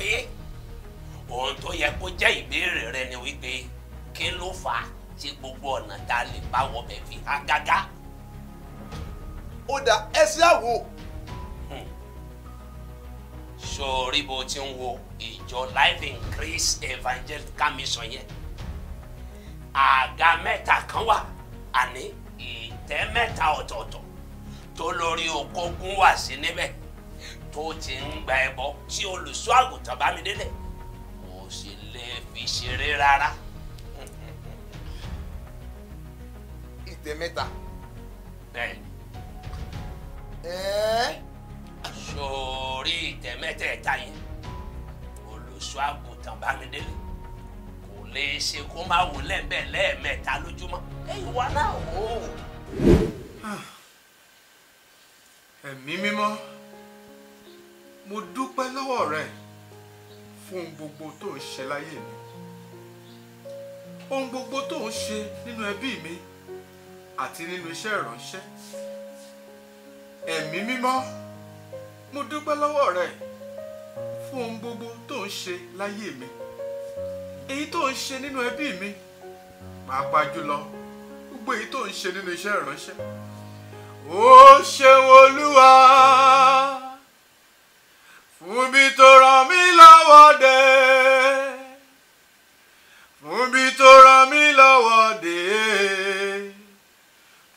pé ohun tó yẹ kó jẹ́ ìbéèrè rẹ ni wípé kí ló fà á tí gbogbo ọ̀nà tá a lè bá wọbẹ̀ fi há gágá. ó dà ẹsẹ̀ àwò. Hmm. sọ̀rí bó ti ń wo ìjọ life in Christ Evangel mission yẹn àga mẹ́ta kan wà àní ìtẹ́ mẹ́ta ọ̀tọ̀ọ̀tọ̀ tó lórí okòókùn wà sí níbẹ̀ tó ti ń gba ẹbọ tí olùṣọ́ àgùntàn bá mi délẹ̀ kò sì lè fi ṣeré rárá. ìtẹ̀ mẹ́ta. bẹ́ẹ̀ni. ẹ̀ẹ́. sórí ìtẹ̀ mẹ́tẹ̀ẹ̀ta yẹn olùṣọ́ àgùntàn bá mi délẹ̀ kò lè ṣe kó má wò lẹ́ẹ̀mẹ́ lẹ́ẹ̀mẹ́ta lójúmọ́ ẹ̀yin wà náà o. Ah, ẹ̀mí mímọ́ mo dúpẹ́ lọ́wọ́ rẹ fún ohun gbogbo tó ń ṣe láyé mi ohun gbogbo tó ń ṣe nínú ẹbí mi àti nínú iṣẹ́ ìránṣẹ́ ẹ̀mí mímọ́ mo dúpẹ́ lọ́wọ́ rẹ fún ohun gbogbo tó ń ṣe láyé mi èyí tó ń ṣe nínú ẹbí mi pàápàá jùlọ gbogbo èyí tó ń ṣe nínú iṣẹ́ ìránṣẹ́ ó ṣeun olúwa fún bí tó ràn mí lọ́wọ́ dé fún bí tó ràn mí lọ́wọ́ dé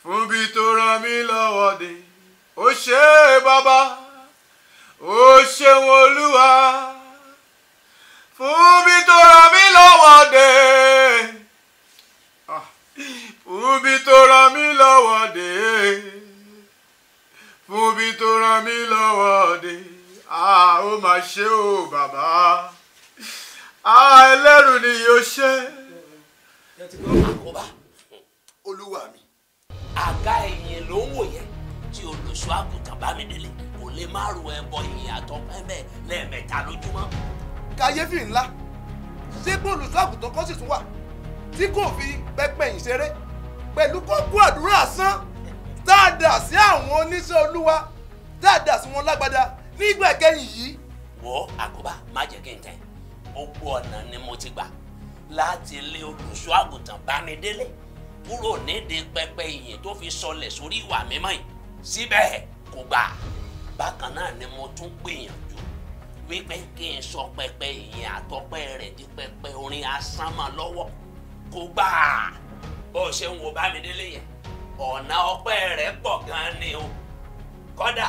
fún bí tó ràn mí lọ́wọ́ dé ó ṣe é bàbá ó ṣeun olúwa fún bí tó ràn mí ah, lọ́wọ́ dé fún bí tó ràn mí lọ́wọ́ dé fún bí tó ràn mí lọ́wọ́ dé. Ah, O máa ṣe o Baba, Ah ẹlẹ́rù ni yóò ṣe. àkóbá olúwa mi. àga ẹ̀yìn ló ń wò yẹn tí olùṣọ́ àgùntàn Bámidélé kò lè má ro ẹbọ yìí àtọ̀pẹ́mẹ́ lẹ́ẹ̀mẹ́ta lójúmọ́. kàyéfì ńlá ṣé pé olùṣọ́ àgùntàn kan sì tún wà tí kò fi pẹpẹ yìí ṣeré pẹ̀lú kókó àdúrà sán dáadáa sí àwọn oníṣẹ́ olúwa dáadáa sí wọn lágbádá nígbà kẹ́yìn yìí wọ́ àkóbá má jẹ́ kí n tẹ̀ gbogbo ọ̀nà ni mo ti gbà láti lé olùṣọ́ àgùntàn Bámidélé kúrò nídìí pẹpẹ ìyìn tó fi sọlẹ̀ sórí ìwà mímọ́ yìí síbẹ̀ kò gbà bákan náà ni mo tún gbìyànjú wípé kí n sọ pẹpẹ ìyìn àtọpẹ rẹ̀ di pẹpẹ orin asánmọ lọ́wọ́ kò gbà bó ṣe ń wo Bámidélé yẹn ọ̀nà ọpẹ́ rẹ̀ pọ̀ gan-an ni o kódà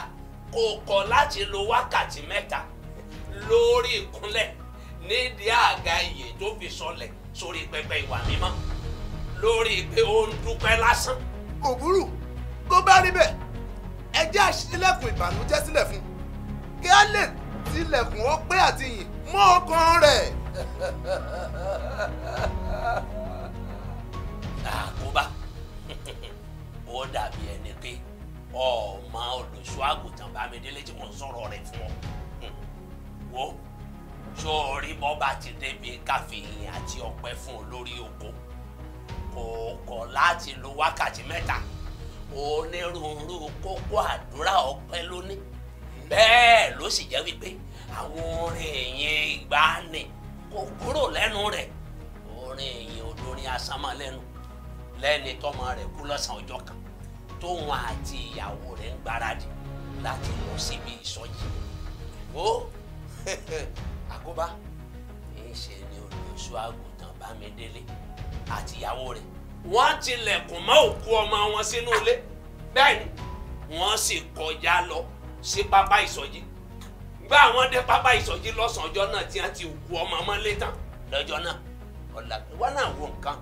kó kọ́ láti lo wákàtí mẹ́ta lórí ìkúnlẹ̀ nídìí àga ìyè tó fi sọlẹ̀ sórí pẹpẹ ìwà mímọ́ lórí pé ó ń dúpẹ́ lásán. kò burú tó bá rí bẹ́ẹ̀ ẹ jẹ́ àṣìlẹ̀kùn ìbànújẹ́ sílẹ̀ fún kí á lè tilẹ̀kùn ọpẹ́ àti ìyìn mọ́ ọkàn rẹ̀. àkóbá ó dàbí ẹni pé ọmọ olùṣọ́ àgùntàn bámidélé tí mo ń sọ̀rọ̀ rẹ̀ fún ọ wo sórí bọ́ba ti débi káfíìn àti ọ̀pẹ fún olórí oko kò kọ̀ láti lo wákàtí mẹ́ta onírúurú kókó àdúrà ọpẹ́ lóní bẹ́ẹ̀ ló sì jẹ́ wípé àwọn orin èyìn ìgbàanì kò kúrò lẹ́nu rẹ̀ orin èyìn olórin asámọ́lẹ́nu lẹ́ni tọ́mọ rẹ̀ kú lọ́sàn-án ọjọ́ kan tóun àti ìyàwó rẹ̀ ń gbáradì láti mú síbi ìsọjí ó àkóbá ìṣe ni olùṣọ́ àgùntàn bámidélé àti ìyàwó rẹ̀ wọ́n tilẹ̀kùn mọ́ òkú ọmọ wọn sínú ilé bẹ́ẹ̀ ni wọ́n sì kọjá lọ sí pápá ìsọjí gbá àwọn dé pápá ìsọjí lọ́sàn-án ọjọ́ náà tí wọ́n ti òkú ọmọ mọ́lé tán lọ́jọ́ náà ọ̀làgbẹ́wọ́n náà wò nǹkan.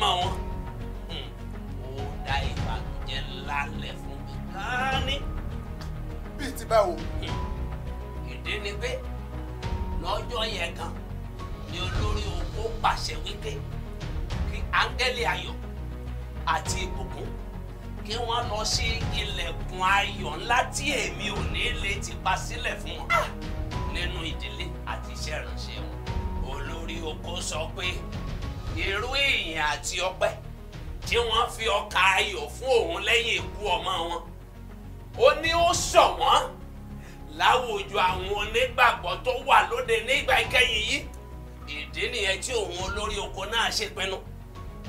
máa wọn ó hmm, dá ìbànújẹ́ ńlá lẹ̀ fún mi káání. bíi ti báwo. Hmm, ìdí ni pé lọ́jọ́ yẹn gan ni olórí oko pàṣẹ wípé kí áńgẹ́lì ayọ̀ àti ìbùkún kí wọ́n lọ sí ilẹ̀kùn ayọ̀ ńlá tí èmi ò ní lè ti pa sílẹ̀ fún wọn ah! nínú ìdílé àti iṣẹ́ ìránṣẹ́ wọn olórí oko sọ pé irú èèyàn àti ọpẹ́ tí wọ́n fi ọkà ayọ̀ fún òun lẹ́yìn ikú ọmọ wọn ó ní ó sọ wọ́n láwùjọ àwọn onígbàgbọ́ tó wà lóde nígbà ìkẹyìn yìí ìdí nìyẹn tí òun olórí oko náà ṣe pinnu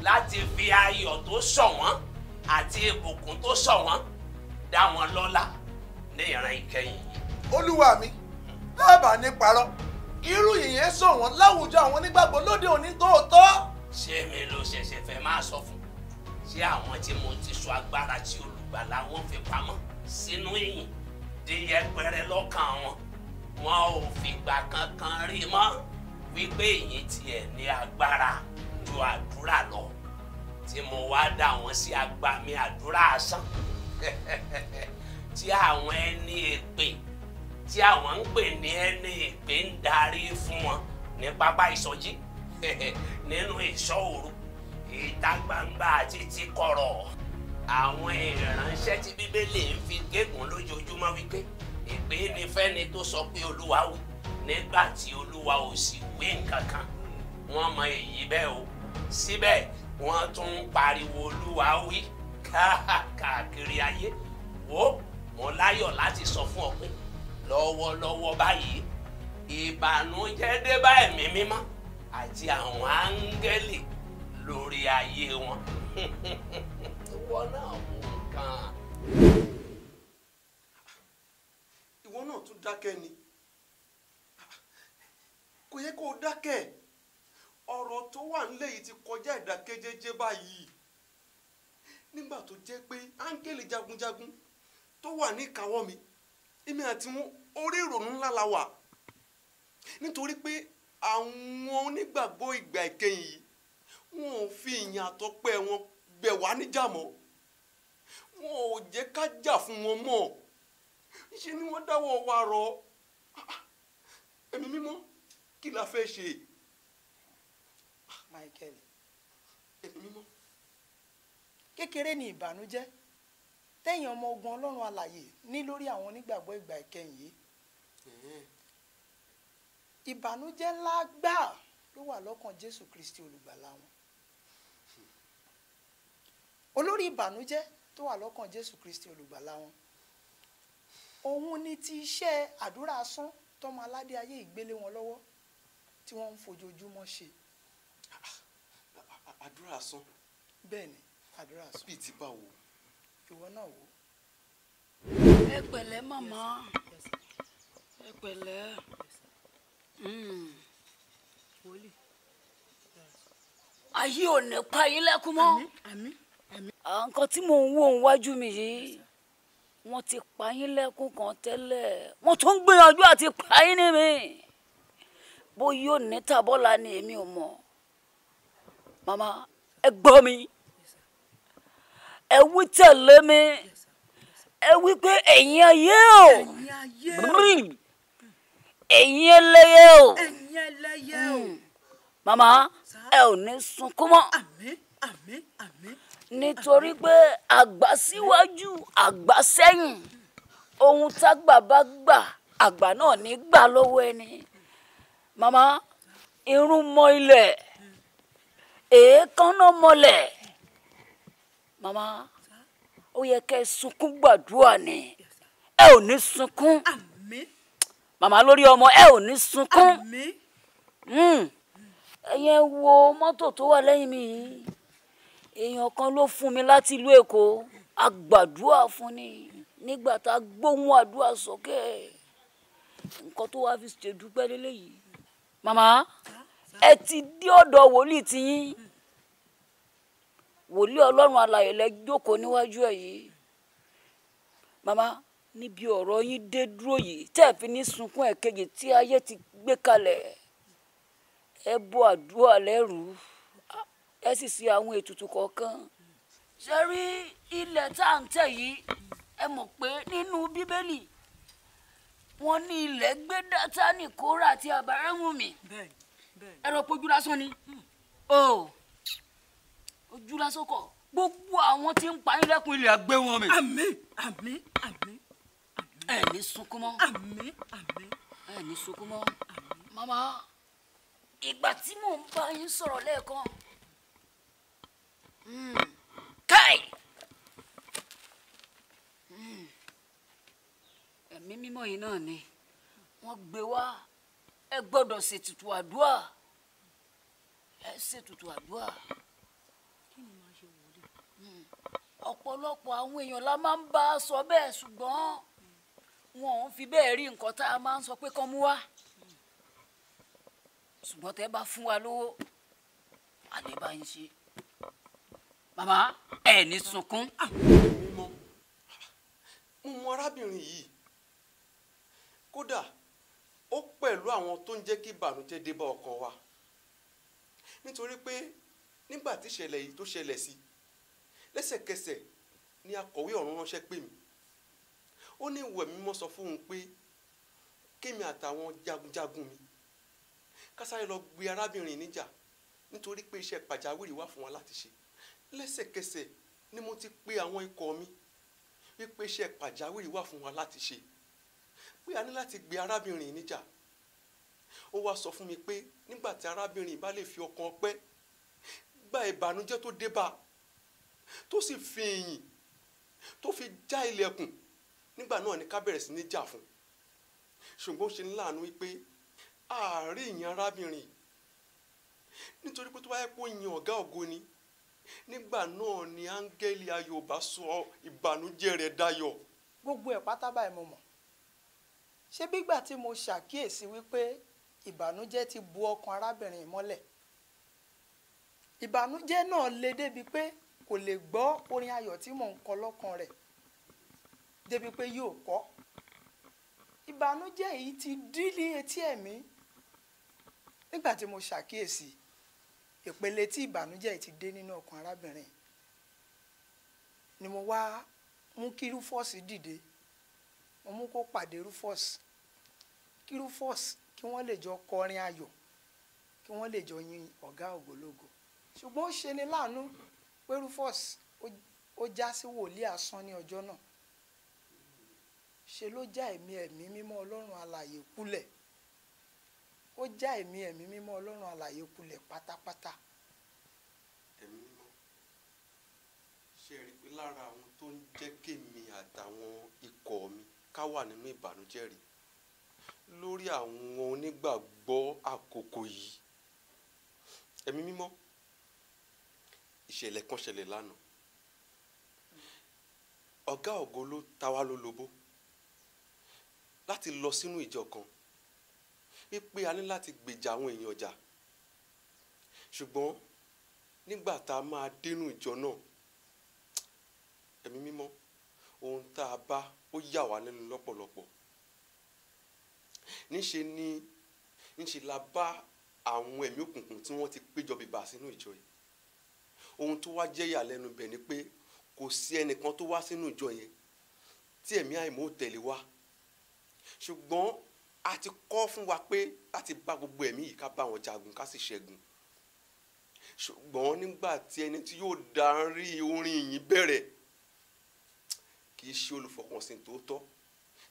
láti fi ayọ̀ tó sọ wọ́n àti ìbùkún tó sọ wọ́n dá wọn lọ́lá ní ìran ìkẹyìn yìí. olúwa mi bá ní parọ́ irú yìnyín sọ wọ́n láwùjọ àwọn onígbàgbọ́ lóde òní tóòtọ́ ṣé mi ló ṣẹ̀ṣẹ̀ fẹ́ máa sọ fún ṣé àwọn tí mo ti sọ agbára tí olùgbàlà wọn fi pamọ́ sínú ìyìn di yẹpẹrẹ lọ́kàn wọn wọn ò fìgbà kankan rí mọ́ wípé ìyìn tiẹ̀ ní agbára ju àdúrà lọ tí mo wá dà wọ́n sí agbami àdúrà asán tí àwọn ẹni èpè tí àwọn ń pè ní ẹni èpè ń darí fún wọn ní pápá ìsọjí. So nínú ìṣọ́ òru ìta gbangba àti ti kọ̀rọ̀ àwọn ìránṣẹ́ tí bíbélì ń fi gégùn lójoojúmọ́ wípé ìpè ní fẹ́ni tó sọ pé olúwa wò nígbà tí olúwa ò sì wí nǹkan kan wọ́n mọ èyí bẹ́ẹ̀ o síbẹ̀ wọ́n tún ń pariwo olúwa wí káàkiri ayé wò mo láyọ̀ láti sọ fún ọ pé lọ́wọ́lọ́wọ́ báyìí ìbànújẹ́ dé bá ẹ̀mí mímọ́ àti àwọn áńgẹ́lì lórí ayé wọn ìwọ náà mú nǹkan. ìwọ náà tún dákẹ́ ni kò yẹ kó o dákẹ́ ọ̀rọ̀ tó wà nílẹ̀ yìí ti kọjá ìdákẹ́jẹ́jẹ́ báyìí nígbà tó jẹ́ pé áńgẹ́lì jagunjagun tó wà ní ìkáwọ́ mi èmi àti wọn orí ìrònú ńlá la wà nítorí pé àwọn onígbàgbọ́ ìgbà ìkẹyìn yìí wọn ò fi ìyìn àtọ́pẹ́ wọn gbẹ̀ wá níjà mọ́ wọn ò jẹ́ ká jà fún wọn mọ́ ṣe ni wọ́n dáwọ́ wa rọ ẹ̀mí mímọ́ kí la fẹ́ ṣe. Michael ẹ̀mí mímọ́. kékeré ni ìbànújẹ́ tẹ̀yìn ọmọ ogun ọlọ́run alàyè ní lórí àwọn onígbàgbọ́ ìgbà ìkẹyìn yìí ìbànújẹ́ ńlá gbáà ló wà lọ́kàn jésù kristi olùgbàlà wọn olórí ìbànújẹ́ tó wà lọ́kàn jésù kristi olùgbàlà wọn òun ni ti iṣẹ́ àdúrà asán tọmọ aládé ayé ìgbélé wọn lọ́wọ́ tí wọ́n ń fojoojúmọ́ ṣe. Ah, àdúrà asán. bẹ́ẹ̀ni àdúrà asán. bíi ti báwo. ìwọ náà wò. ẹ pẹ̀lẹ́ màmá ẹ pẹ̀lẹ́. Yes, Mmm. ayé ò ní pa yín lẹ́kún mọ́ nǹkan tí mò ń wò ń wájú mi yìí wọ́n ti pa yín lẹ́kún kan tẹ́lẹ̀ wọ́n tún gbìyànjú àti pa yín ní mi bóyá ò ní tàbọ́là ni èmi ò mọ̀ màmá ẹ gbọ́ mi ẹ wí tẹ̀lé mi ẹ wí pé ẹ̀yin ayé o. ẹ̀yin ẹ̀yin ẹlẹ́yẹ o mama. ẹlẹ́yẹ o hmm. màmá ẹ ò ní sunkún mọ́ àmín àmín àmín nítorí pé àgbà síwájú àgbà sẹ́yìn ohun tágbà bá gbà àgbà náà ní gbà lọ́wọ́ ẹni màmá irun mọ ilẹ̀ èékánná mọlẹ̀ màmá ó yẹ kẹ́ sunkún gbàdúrà ni ẹ ò ní sunkún màmá lórí ọmọ ẹ ò ní sunkún hmm. ẹyẹ wo mọ́tò tó wà lẹ́yìn mi yìí èèyàn kan ló fún mi láti ìlú èkó agbàdúrà fún ni nígbà tá a gbóhùn àdúrà sókè nǹkan tó wàá fi ṣe dúpẹ́ lélẹ́yìí màmá ẹ ti dé ọ̀dọ̀ wòlíì tiyín wòlíì ọlọ́run alàyè lẹ jókòó níwájú ẹ̀ yìí màmá níbi ọ̀rọ̀ yín dé dúró yìí tẹ́ ẹ̀ fi ní sunkún ẹ̀kejì tí ayé ti gbé kalẹ̀ ẹ bọ àdúrà lẹ́rù ẹ sì ṣe àwọn ètùtù kọ̀ọ̀kan. ṣe rí ilẹ̀ tá à ń tẹ̀ yìí ẹ mọ̀ pé nínú bíbélì wọn ní ilẹ̀ gbé dátánì kórà àti àbáráwùmí ẹ rọ lásán ni hmm. o ojú lásán kọ gbogbo àwọn tí ń pa yín lẹ́kùn ilẹ̀ àgbẹ̀ wọn mi. àmín àmín àmín ẹ ní sunkún mọ́ àmín àmín ẹ ní sunkún Mama, àmín màmá ìgbà tí mò ń bá yín sọ̀rọ̀ lẹ́ẹ̀kan hmm. káì hmm. ẹ̀mí mímọ́ yìí náà ni wọ́n gbé wá ẹ gbọ́dọ̀ ṣètùtù àdúrà ẹ ṣètùtù àdúrà hmm. ọ̀pọ̀lọpọ̀ àwọn èèyàn la máa ń bá a sọ bẹ́ẹ̀ ṣùgbọ́n wọn ò fi bẹ́ẹ̀ rí nǹkan tá a máa ń sọ pé kán mú wá ṣùgbọ́n tẹ́ bá fún wa lówó a lè bá yín ṣe màmá ẹ ní sunkún. Ah, mo mọ arábìnrin yìí kódà ó pẹ̀lú àwọn tó ń jẹ́ kí ìbànújẹ́ dé bá ọkọ wa nítorí pé nígbà tí ìṣẹ̀lẹ̀ yìí tó ṣẹlẹ̀ sí lẹ́sẹ̀kẹsẹ̀ ni akọ̀wé ọ̀run ránṣẹ́ pè mí ó ní ìwẹ̀ mímọ́ sọ fún òun pé kémi àtàwọn jagunjagun mi kásáré lọ gbé arábìnrin níjà nítorí pé iṣẹ́ pàjáwìrì wà fún wa láti ṣe lẹ́sẹ̀kẹsẹ̀ ni mo ti pe àwọn ikọ̀ mi wípé iṣẹ́ pàjáwìrì wà fún wa láti ṣe pé a ní láti gbé arábìnrin níjà ó wá sọ fún mi pé nígbà tí arábìnrin bá lè fi ọkàn ọpẹ́ gba ìbànújẹ́ tó dé tó sì fi ìyìn tó fi já ilẹ̀kùn nígbà náà ni ká bẹ̀rẹ̀ sí ní jà fún ṣùgbọ́n ó ṣe ní láàánú wípé ààrí ìyẹn arábìnrin nítorí pé tó bá yẹ kó yin ọ̀gá ògo ni nígbà náà ni áńgẹ́lì ayọ̀ bá sọ ìbànújẹ́ rẹ̀ dayọ̀. gbogbo ẹ̀ pátá báyìí mo mọ̀ ṣé bígbà tí mo ṣàkíyèsí wípé ìbànújẹ́ ti bu ọkàn arábìnrin mọ́lẹ̀ ìbànújẹ́ náà le débi pé kò lè gbọ́ orin ayọ̀ tí mò ń kọ lọ́kàn rẹ̀ débi pé yóò kọ́ ìbànújẹ́ yìí ti dílé etí ẹ̀mí nígbà tí mo ṣàkíyèsí ìpele tí ìbànújẹ́ yìí ti dé nínú ọkàn arábìnrin ni mo wá mú kí rufus dìde mo mú kó pàdé rufus kí rufus kí wọ́n lè jọ kọrin ayọ̀ kí wọ́n lè jọ yin ọ̀gá ògbólógo ṣùgbọ́n ó ṣe ni láàánú pé rufus ó já sí wòlíì asán ní ọjọ́ náà ṣe ló já ẹ̀mí ẹ̀mí mímọ́ ọlọ́run alààyè kulẹ̀ ó já ẹ̀mí ẹ̀mí mímọ́ ọlọ́run alààyè kulẹ̀ pátápátá. ẹ̀mí mímọ́ ṣe rí i lára àwọn tó ń jẹ́ kémi àtàwọn ikọ̀ mi ká wà nínú ìbànújẹ́ rí lórí àwọn onígbàgbọ́ àkókò yìí ẹ̀mí mímọ́ ìṣẹ̀lẹ̀ kan ṣẹlẹ̀ lánàá ọ̀gá ògo ló ta wá lólobó. Lo láti lọ sínú ìjọ kan wípé a ní láti gbèjà àwọn èèyàn jà ṣùgbọ́n nígbà tá a máa dénú ìjọ náà ẹ̀mí mímọ́ ohun tá a bá ó yà wá lẹ́nu lọ́pọ̀lọpọ̀ níṣe ni níṣe la bá àwọn ẹ̀mí òkùnkùn tí wọ́n ti péjọ bìbà sínú ìjọ yìí ohun tó wá jẹ́ ìyàlẹ́nu bẹ̀ ni pé kò sí ẹnìkan tó wá sínú ìjọ yẹn tí ẹ̀mí àìmọ́ ò tẹ̀lé wá ṣùgbọ́n a ti kọ́ fún wa pé láti bá gbogbo ẹ̀mí yìí ká bá wọn jagun ká sì ṣẹ́gun ṣùgbọ́n nígbà tí ẹni tí yóò darí orin yìí bẹ̀rẹ̀ kì í ṣe olùfọkànsìn tòótọ́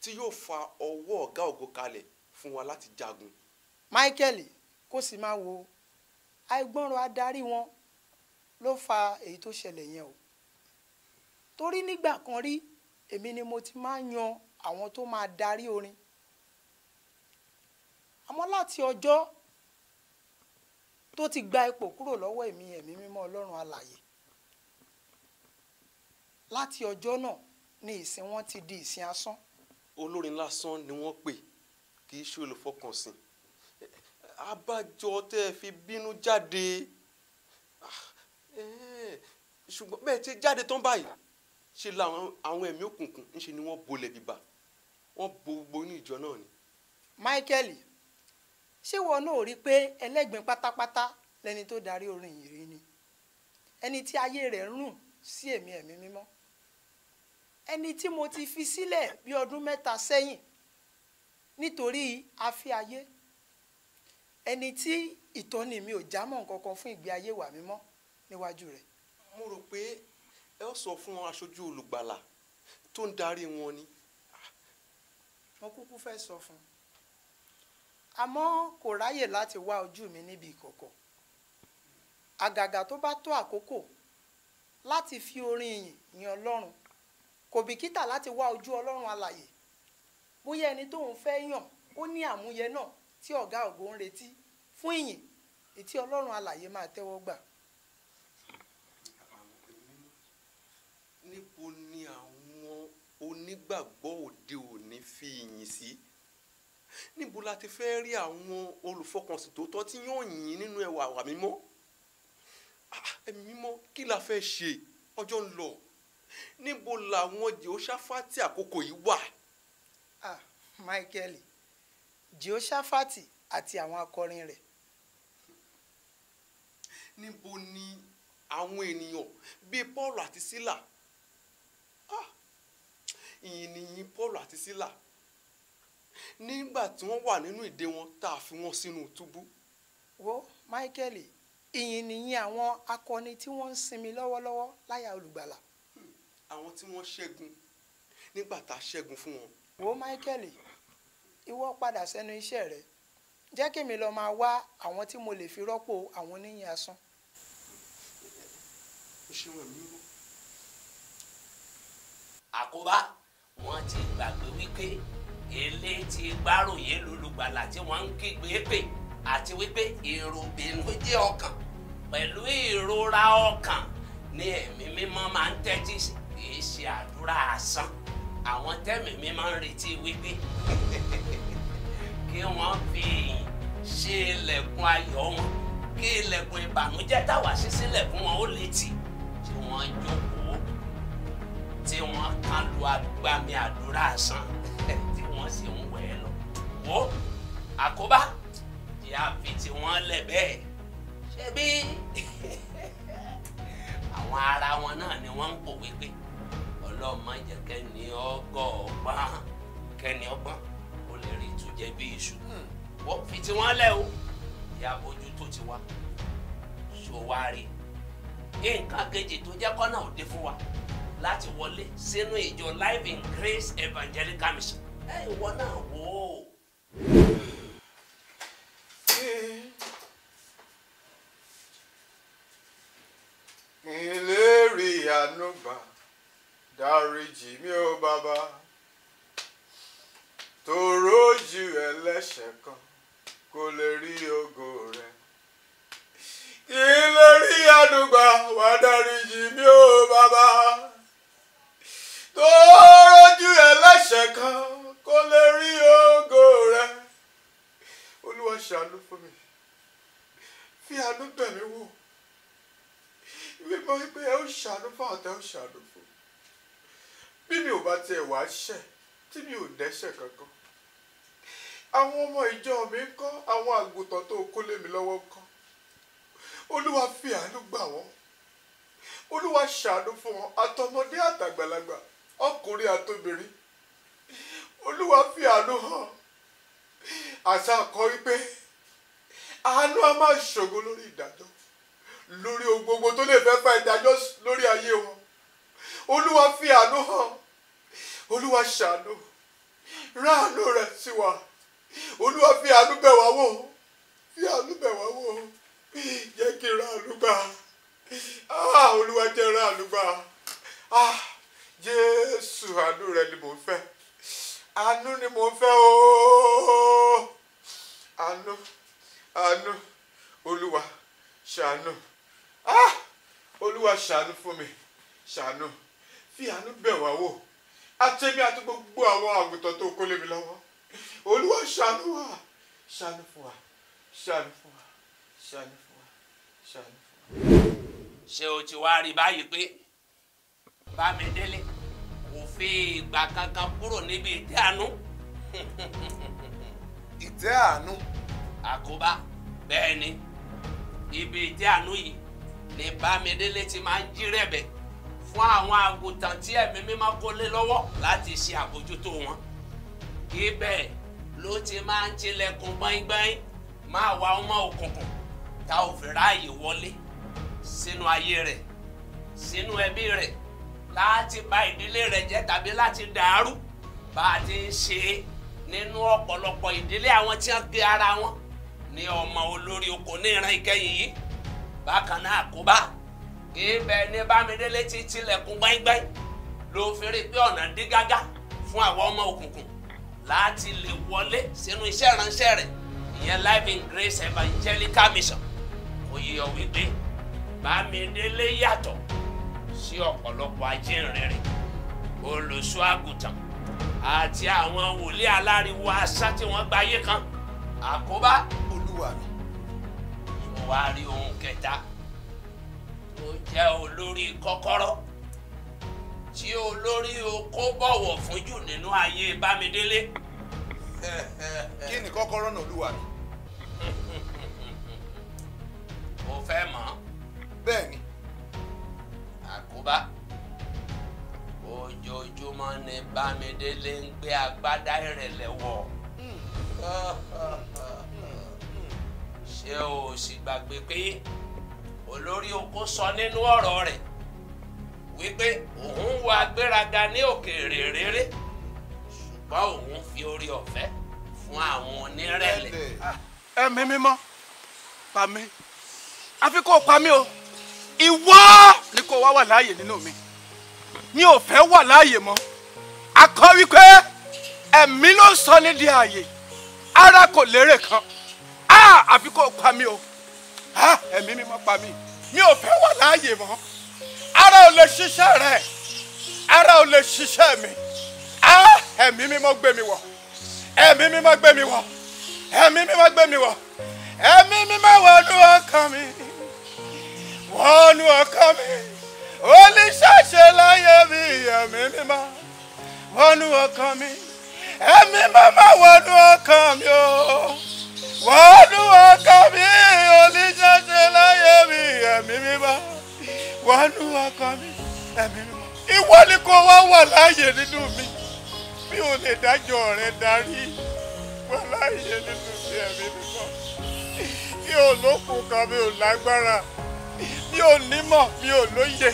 tí yóò fa ọwọ́ ọ̀gá ògo kalẹ̀ fún wa láti jagun. Michael kò sì máa wo àìgbọràn adarí wọn ló fa èyí tó ṣẹlẹ̀ yẹn o torí nígbà kan rí èmi ni mo ti máa yan àwọn tó máa darí orin àmọ́ láti ọjọ́ tó ti gba ipò kúrò lọ́wọ́ èmi ẹ̀mí mímọ́ ọlọ́run alàyè láti ọjọ́ náà ni ìsìn wọn ti di ìsìn asán. olórin lásán ni wọ́n pè kì í ṣe olùfọkànsìn abájọ tẹ́ ẹ fi bínú jáde ah, eh, ṣùgbọ́n bẹ́ẹ̀ ti jáde tán báyìí ṣe làwọn àwọn ẹ̀mí òkùnkùn ńṣe ni wọ́n bolẹ̀ bíbà wọ́n bo gbogbo inú ìjọ náà ni. Michael ṣé wọn náà rí i pé ẹlẹ́gbin pátápátá lẹni tó darí orin yìí rí ni ẹni tí ayé rẹ̀ ń rùn sí èmi ẹ̀mí mímọ́ ẹni tí mo ti fi sílẹ̀ bí ọdún mẹ́ta sẹ́yìn nítorí afẹ́ ayé ẹni tí ìtọ́ni mi ò jámọ́ nǹkankan fún ìgbé ayé wa mímọ́ níwájú rẹ̀. mo rò pé ẹ ó sọ fún aṣojú olùgbàlà tó ń darí wọn ni. mo kúkú fẹ́ sọ fún un àmọ́ kò ráyè láti wá ojú mi níbi ìkọ̀kọ̀ àgàgà tó bá tó àkókò láti fi orin ìyìn yin ọlọ́run kò bìkítà láti wá ojú ọlọ́run alàyè bóyá ẹni tóun fẹ́ yàn ó ní àmúyẹ náà tí ọ̀gá ògo ń retí fún ìyìn ètí ọlọ́run alàyè máa tẹ́wọ́ gbà. níbo ni àwọn onígbàgbọ́ òde òní fi ìyìn sí. Si níbo la ti fẹ́ rí àwọn olùfọkànsìn tó tọ́ tí yóò yìn nínú ẹwà àwà mímọ́ ah, ẹ̀mí mímọ́ kí la fẹ́ ṣe ọjọ́ ń lọ níbo làwọn jehoshaphati àkókò yìí wà. ah michael jehoshaphati àti àwọn akọrin rẹ̀. níbo ni àwọn ènìyàn bíi paul àti sila ah ìyìn nìyí paul àti sila nígbà tí wọ́n wà nínú ìdè wọn tá a fi wọ́n sínú túbú. wo Michael ìyìn nìyí àwọn akọni tí wọ́n ń sinmi lọ́wọ́lọ́wọ́ láyà olùgbàlà. àwọn tí wọ́n ṣẹ́gun nígbà tá a ṣẹ́gun fún wọn. wo Michael ìwọ padà sẹ́nu iṣẹ́ rẹ jẹ́ kí mi lọ máa wá àwọn tí mo lè fi rọ́pò àwọn oníyìn asán. àkóbá wọn ti gbàgbé wípé ilé ti gbárùyé lólùgbàlà tí wọ́n ń kígbe pè àti wípé èrò ìbìnújẹ́ ọkàn pẹ̀lú ìrora ọkàn ni ẹ̀mí mímọ́ máa ń tẹ́tí sí ṣe àdúrà asán àwọn tẹ́mì mímọ́ ń retí wípé kí wọ́n fi ṣe ilẹ̀kùn ayọ̀ wọn kí ilẹ̀kùn ìbànújẹ́ táwa ṣí fún wọn ó lè tì tí wọ́n jókòó tí wọ́n kàn lu agbami àdúrà asán wo àkóbá jẹ́ àfi tí wọ́n lẹ̀ bẹ́ẹ̀ ṣé bí àwọn ara wọn náà ni wọ́n ń pò wípé ọlọ́mọ jẹ́ kẹ́ni ọgọ́ọ̀gbọ́n kẹ́ni ọgbọ́n ó lè rí ìtújẹ bí iṣu hmm. wọ́n fi tí wọ́n lẹ̀ o ìyá bójú tó ti wá ṣó nǹkan kejì tó jẹ́ kọ́nà òde fún wa láti wọlé sínú ìjọ life in grace evangelical mission ẹ ìwọ náà wò ó ìlérí ànúbà dáríjì mi ò bàbá tòró ju ẹlẹ́ṣẹ̀ kan kò lè rí ògo rẹ ìlérí ànúbà wà dáríjì mi ò bàbá tòró ju ẹlẹ́ṣẹ̀ kan kó lè rí ògo rẹ olúwa ṣàánú fún mi fi àánú bẹ̀ mí wò mímọ̀ pé ẹ ó ṣàánú fún àtẹ ó ṣàánú fún bí mi ò bá tiẹ̀ wá ṣẹ̀ tí mi ò dẹ́ṣẹ̀ kankan àwọn ọmọ ìjọ mi ń kọ́ àwọn àgùntàn tó kó lé mi lọ́wọ́ kọ́ olúwa fi àánú gbà wọ́n olúwa ṣàánú fún wọn àtọmọdé àtàgbàlagbà ọkùnrin àtobìnrin olúwa fi àánú hàn àṣà kọ wípé àánú a máa ṣògo lórí ìdájọ́ lórí ohun gbogbo tó lè fẹ́ fa ìdájọ́ lórí ayé wọn olúwa fi àánú hàn olúwa ṣàánú rán àánú rẹ sí wa olúwa fi àánú bẹ̀ wá wò fi àánú bẹ̀ wá wò jẹ́ kí n ra àánú gbà ah, olúwa jẹ́ ra àánú gbà ah, jésù àánú rẹ ni mò fẹ́. Anu ni mo fẹ́ ooo anu, àánú olúwa ṣàánú ah oluwa ṣàánú fún mi ṣàánú fi anu bẹ̀ wá wò àtẹ̀mí àti gbogbo àwọn àgùntàn tó kó lé mi lọ́wọ́ olúwa ṣàánú wa ṣàánú fún wa ṣàánú fún wa ṣàánú fún wa ṣàánú fún wa. ṣé o ti wá rí báyìí pé bá mi délé fi ìgbà kankan kúrò níbi ìtẹ́ àánú. ìtẹ́ àánú. àkóbá bẹ́ẹ̀ ni ibi ìtẹ́ àánú yìí ni bámidélé ti máa ń jí rẹ̀bẹ̀ fún àwọn àgùntàn tí ẹ̀mí mímọ́ kó lé lọ́wọ́ láti ṣe àbójútó wọn. ibẹ̀ ló ti máa ń tilẹ̀kùn gbáyìngbáyìn máa wá ọmọ òkùnkùn tá ò fi ráàyè wọlé sínú ayé rẹ̀ sínú ẹbí rẹ̀ láti bà ìdílé rẹ̀ jẹ́ tàbí láti dàrú bá a ti ń ṣe nínú ọ̀pọ̀lọpọ̀ ìdílé àwọn tí wọ́n pe ara wọn ní ọmọ olórí oko ní ìran ìkẹyìn yìí bákan náà àkóbá kì í bẹ ní bámidélé ti tilẹ̀kùn gbáyìngbáyìn ló fi rí pé ọ̀nà dí gágá fún àwọn ọmọ òkùnkùn láti lè wọlé sínú iṣẹ́ ìránṣẹ́ rẹ̀ ìyẹn life in grace evangelical mission kò yíyọ wípé bámidélé yàtọ̀ sí ọ̀pọ̀lọpọ̀ ajínrere olùṣọ́ àgùntàn àti àwọn wòlíì aláriwo asá tí wọ́n gbayé kan àkóbá olúwa mi. mo wá rí ohun kẹta tó jẹ́ olórí kọ́kọ́rọ́ tí olórí oko bọ̀wọ̀ fún jù nínú ayé bámidélé. kí ni kọ́kọ́rọ́ náà olúwa mi. mo fẹ́ mọ̀. bẹ́ẹ̀ ni àkóbá ojoojúmọ́ ni bámidélé ń gbé agbádá ìrẹ̀lẹ̀ wọ̀ ṣé o sì gbàgbé pé olórí oko sọ nínú ọ̀rọ̀ rẹ̀ wípé òun wo agbéraga ní òkèèrè rere ṣùgbọ́n òun fi orí ọ̀fẹ́ fún àwọn onírẹ̀lẹ̀. ẹ̀mí mímọ́ pa mí àfi kó pa mí o ìwọ ni kò wá wà láàyè nínú mi mi ò fẹ́ wà láàyè mọ́ akọ wípé ẹ̀mí ló sọ ní di ààyè ara kò lérè kan á àfi kò pa mí o á ẹ̀mí mi mọ́ pa mí mi ò fẹ́ wà láàyè mọ́ ara ò lè ṣiṣẹ́ rẹ̀ ara ò lè ṣiṣẹ́ mi á ẹ̀mí mi mọ́ gbé mi wọ̀ ẹ̀mí mi mọ́ gbé mi wọ̀ ẹ̀mí mi mọ́ gbé mi wọ̀ ẹ̀mí mi mọ́ wọnú ọkàn mi wọnú ọkàn mi oníṣàṣe láyé mi ẹ̀mí mímọ́ wọnú ọkàn mi ẹ̀mí mímọ́ wọnú ọkàn mi o wọnú ọkàn mi oníṣàṣe láyé mi ẹ̀mí mímọ́ wọnú ọkàn mi ẹ̀mí mímọ́ ìwọ ni kò wá wà láàyè nínú mi mi ò lè dájọ́ rẹ darí wà láàyè nínú mi ẹ̀mí mímọ́ mi ò lókun kan mi ò lágbára mi ò nímọ̀ mi ò lóye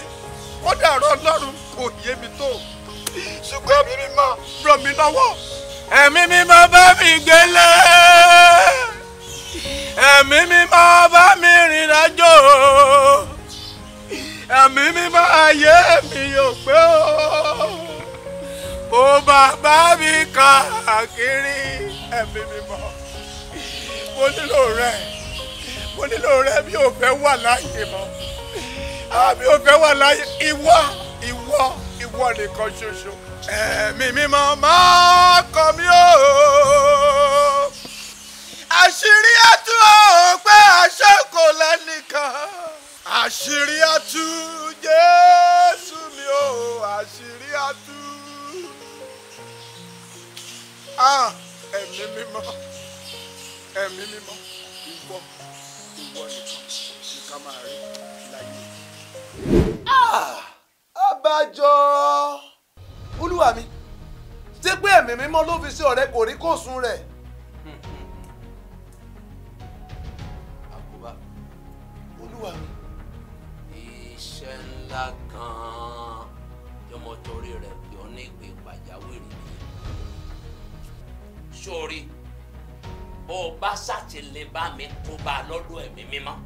ó dàrọ ọlọ́run kò yé mi tó ṣùgbọ́n ẹ̀mí mímọ́ ràn mí lọ́wọ́. ẹ̀mí mímọ́ bá mi gbélé ẹ̀mí mímọ́ bá mi rìn rájò ẹ̀mí mímọ́ ayé mi ò pé o ó bàbá mi káàkiri ẹ̀mí mímọ́ mo nílò rẹ̀ mo nílò rẹ mi ò fẹ́ wà láàyè mọ́ ah, mi ò fẹ́ wà láàyè ìwọ ìwọ ìwọ nìkan ṣoṣo ẹ̀mí mímọ́ máa kọ́ mi ó àṣírí àtú ò pé àṣẹ kò lẹ́nìkan àṣírí àtú Jésù mi ó àṣírí àtú ah, ẹ̀mí mímọ́ ẹ̀mí mímọ́ ìwọ ìwọ nìkan ni ká olúwa mi ṣé pé ẹ̀mí mímọ́ ló fi ṣe ọ̀rẹ́ kò rí kò sùn rẹ̀. àkóbá olúwa mi. iṣẹ́ ńlá gan-an yọmọ torí rẹ̀ yọ ní ìpè pàjáwìrì nìyẹn. sórí. So, bó o bá ṣàtìlẹ́ bá mi tó bá a ẹ̀mí mímọ́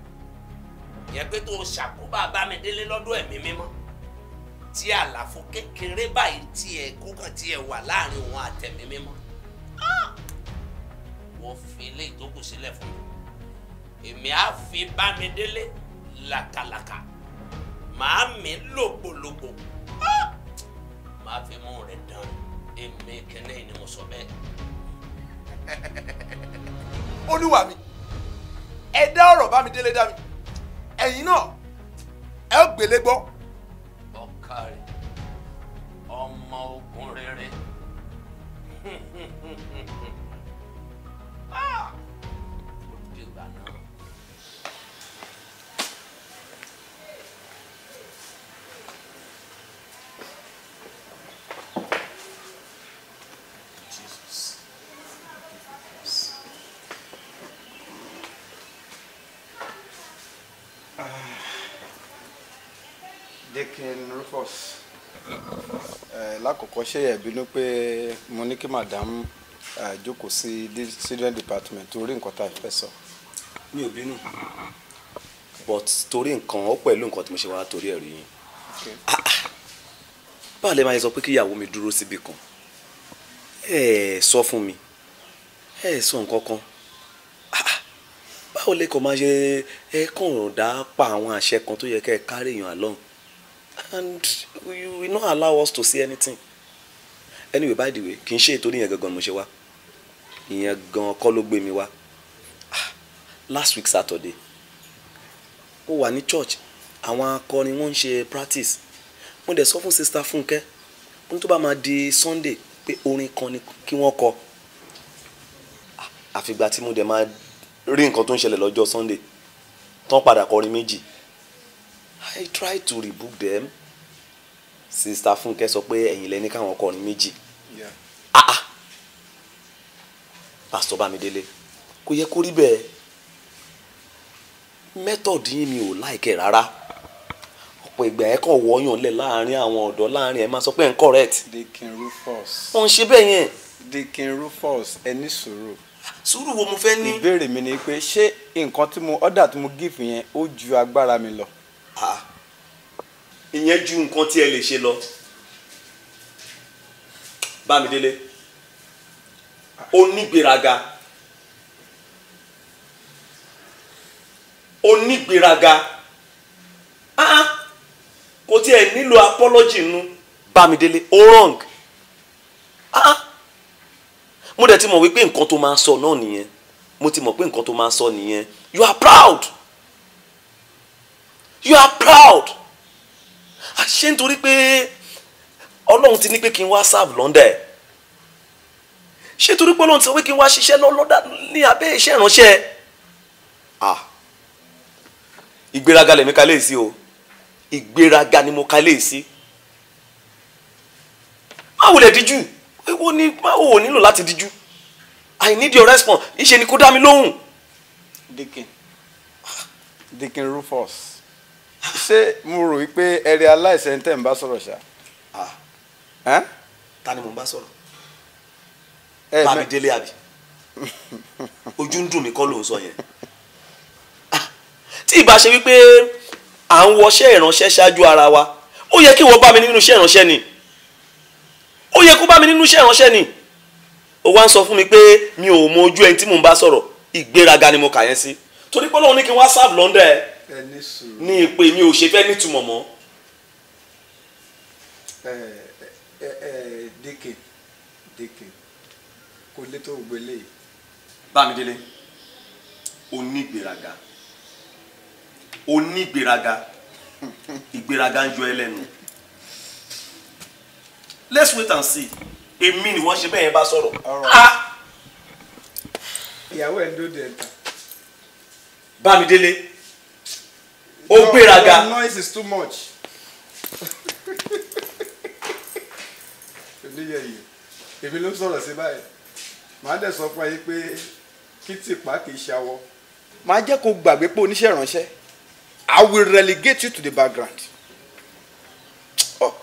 yẹ pé tó o ṣàkóbá bá mi délé lọ́dọ̀ ẹ̀mí mímọ́ tí àlàfo kékeré báyìí tiẹ̀ kúkan tiẹ̀ wà láàrin òun àtẹ̀mí mímọ́ wọ́n ah! fi ilé ìtókù sílẹ̀ fún mi èmi á fi bá mi délé làkàlàkà màá mi lògbòlògbò ah! màá fi mú rẹ̀ dán èmi kẹ́lẹ́ ni mo sọ bẹ́ẹ̀. olúwa mi ẹ dá ọ̀rọ̀ bá mi délé dá mi ẹ̀yin náà ẹ ó gbélé gbọ́. ọ̀kàrẹ̀ ọmọ ogun rere. Ah! Captain Rufus. lákòókò ṣe yẹ bínú pé mo ní kí madam jókòó sí student department torí nǹkan tá a fẹ́ sọ. mi ò bínú but torí nǹkan ó pẹ̀lú nǹkan tí mo ṣe wá torí ẹ̀ rí yín báwo lè máa sọ pé kí ìyàwó mi dúró síbi kan ẹ ẹ sọ fún mi ẹ ẹ sọ nǹkan kan ah, báwo lè kọ́ máa ṣe ẹ kàn dá pa àwọn àṣẹ kan tó yẹ kẹ́ ẹ kárí èèyàn àlọ́hùn and you will not allow us to see anything anyway by the way kì í ṣe ètò ìyẹn gangan mo ṣe wá ìyẹn gan kọ́ ló gbé mi wá ah, last week saturday ó wà ní church àwọn akọrin wọn ń ṣe practice mo dẹ̀ sọ fún sista fúnkẹ́ n tó bá máa di sunday pé orin kan ni kí wọ́n kọ ah, àfìgbà tí mo dẹ̀ máa rí nǹkan tó ń ṣẹlẹ̀ lọ́jọ́ sunday tán padà kọrin méjì i try to rebook them sista Fúnkẹ́ sọ pé ẹ̀yin lẹni káwọn ọkọrin méjì ah ah pásítọ̀ Bámidélé kò yẹ kó rí bẹ́ẹ̀ mẹ́tọ̀dì yín mi ò láìkẹ́ rárá ọ̀pọ̀ ìgbà ẹ̀ kàn wọ́yàn lẹ̀ láàrin àwọn ọ̀dọ́ láàrin ẹ̀ máa sọ pé ẹ̀ ń correct. Dikin ṣe bẹ́ẹ̀ yẹn. Dikin Rufus ẹ sùúrù. sùúrù wo mo fẹ́ ní. ìbéèrè mi ni pé ṣé nǹkan tí mo order tí mo give yẹn ó ju agbára mi lọ. ah ìyẹn ju nǹkan tí ẹ lè ṣe lọ Bámidélé onígbéraga onígbéraga ah, ah kò tí ẹ nílò apology nu Bámidélé o wrong ah, ah mo dẹ̀ ti mọ̀ wípé nǹkan tó máa sọ náà nìyẹn mo ti mọ̀ pé nǹkan tó máa sọ nìyẹn you are proud you are proud Ah, ṣé nítorí pé ọlọ́run ti ní pé kí n wá serve lọ́ndà ẹ̀ ṣé torí pé ọlọ́run ti sọ pé kí n wá ṣiṣẹ́ lọ́lọ́dà ní abẹ́ iṣẹ́ ìránṣẹ́ ah ìgbéraga lèmi ka léèsí o ìgbéraga ni mo ka léèsí má wulẹ̀ díjú ewo ni má wò nílò láti díjú i need your response ìṣe ni kó dá mi lóhùn. dikin dikin rufus ṣé mo rò wípé ẹrẹ aláìsẹ ń tẹ̀ ń bá sọ̀rọ̀ ṣá. Ah. ta ni mo bá sọ̀rọ̀ bàbí délé àbí ojú ń dùn mí kọ́ ló ń sọ yẹn ah. tí ìbá ṣe wípé à ń wọṣẹ́ ìránṣẹ́ ṣáájú ara wa ó yẹ kí wọ́n bá mi nínú iṣẹ́ ìránṣẹ́ ni ó yẹ kó bá mi nínú iṣẹ́ ìránṣẹ́ ni ó wá ń sọ fún mi pé mi ò mọ ojú ẹni tí mò ń bá sọ̀rọ̀ ìgbéraga ni mo kà yẹn sí torí pé Ọlọ́run ní kí n wá sáàbù lọ́ndà ẹ̀ ní ìpè mi ò ṣe fẹ́ nítumọ̀ mọ́. dèkè dèkè kò lè tó gbélé. bámidélé onígbèraga onígbèraga ìgbèraga ń yọ ẹ lẹ́nu let's wait and see èmi ni wọ́n ṣe bẹ́ẹ̀ yẹn bá sọ̀rọ̀ ìyàwó ẹ̀ ń dó dẹ̀ ta. bámidélé ó gbéraga. your noise is too much. oníyẹyẹ èmi ló sọ̀rọ̀ sí báyìí màá dẹ̀ sọ fún ẹ pé kí tìpá kì í màá jẹ́ kó gbàgbé pé oníṣẹ́ ìránṣẹ́ I will relegate you to the background. Oh,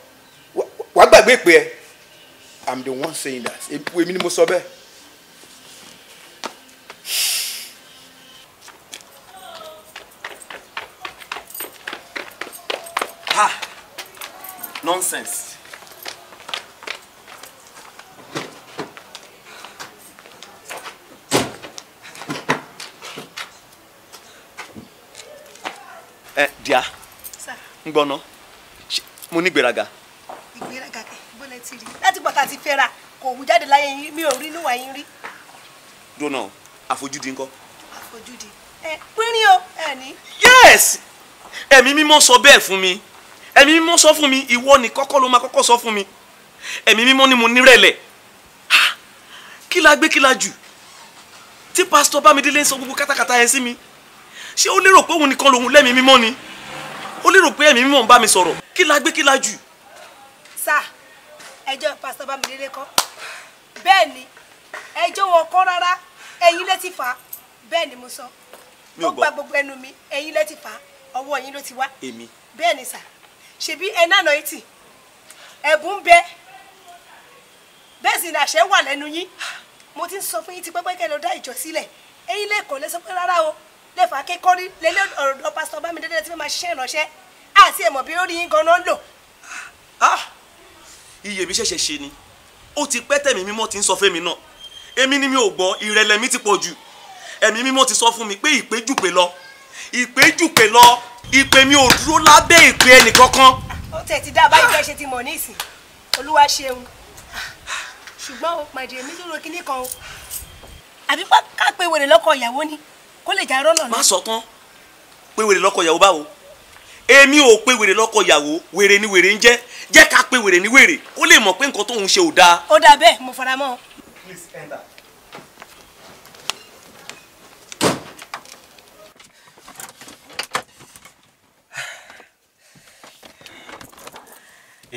wàá gbàgbé pé ẹ I'm the one saying that èmi ni mo sọ bẹ́ẹ̀. nonsense. ẹ díà ń gbọ́ná mo ní ìgbéraga. ìgbéraga kẹ bọ́lẹ̀ ti rí láti gbọ́ ká ti fẹ́ra kò wù jáde láyé yín mi ò rí níwà yín rí. dúnà àfojúdi ńkọ́. àfojúdi ẹ pínrín o ẹ ní. yes ẹ̀mí mímọ́ sọ bẹ́ẹ̀ fún mi ẹ̀mí mímọ́ sọ fún mi ìwọ ni kọ́kọ́ ló máa kọ́kọ́ sọ fún mi ẹ̀mí mímọ́ ni mo nírẹ̀lẹ̀ kí la gbé kí la jù tí pásítọ̀ Bámidélé ń sọ gbogbo kátàkátà yẹn sí mi ṣé ó lérò pé òun nìkan lòun lẹ́mìí mímọ́ ni ó lérò pé ẹ̀mí mímọ́ ń bá mi sọ̀rọ̀ kí la gbé kí la jù. sá ẹjọ́ pásítọ̀ Bámidélé kọ́ bẹ́ẹ̀ ni ẹjọ́ wọn kọ́ rárá ẹ̀yin lẹ ti fà á bẹ́ẹ̀ ni mo sọ ó gba gbogbo ẹnu mi ẹ̀yin lẹ ti fà á ọwọ́ ẹ̀yin ló ti wá bẹ́ẹ̀ ni sà ṣebí ẹ nánà etí ẹ̀bùn bẹ bẹ́ẹ̀ sì ni àṣẹ wà lẹ́nu yín mo ti ń sọ fún yín ti pẹ́pẹ́ kẹ́ lọ dá ìjọ sílẹ̀ ẹ̀yin lẹ́kọ̀ọ́ lẹ́sọ pé rárá o lẹ́fà kékọ́rí lẹ́lẹ́ ọ̀rọ̀ pásítọ̀ bá mi dédé tí mo máa ṣiṣẹ́ ìránṣẹ́ àti ẹ̀mọ̀ bí orí yín gan-an lò. Ah, ah. iye mi ṣẹ̀ṣẹ̀ ṣe ni ó ti pẹ́ tẹ̀mí mímọ́ ti ń sọ fẹ́mi náà èmi ni mi ò gbọ́ ìrẹ̀lẹ̀ mi ti pọ̀ jù ẹ̀mí mímọ́ ti sọ fún mi pé ìpéjùpè lọ ìpéjùpè lọ ìpè mi ò dúró lábẹ́ ìpè ẹnìkankan. ó tẹ̀ ti dá báyìí fẹ́ ṣe ti mọ̀ nísìn olúwa ṣeun ṣùgbọ́n o pàdé mi lóru kínní kan o àbí ká pé wèrè lọ́kọ ìyàwó ni kó lè já rọ́nà. má sọ tán pé wèrè lọ́kọ ìyàwó báwo èmi ò pé wèrè lọ́kọ ìyàwó wèrè ni wèrè ń jẹ́ jẹ́ ká pé wèrè ni wèrè kó lè mọ̀ pé nǹkan tóun ṣe ò dáa. ó dà bẹ́ẹ̀ mo fara mọ́. please enter.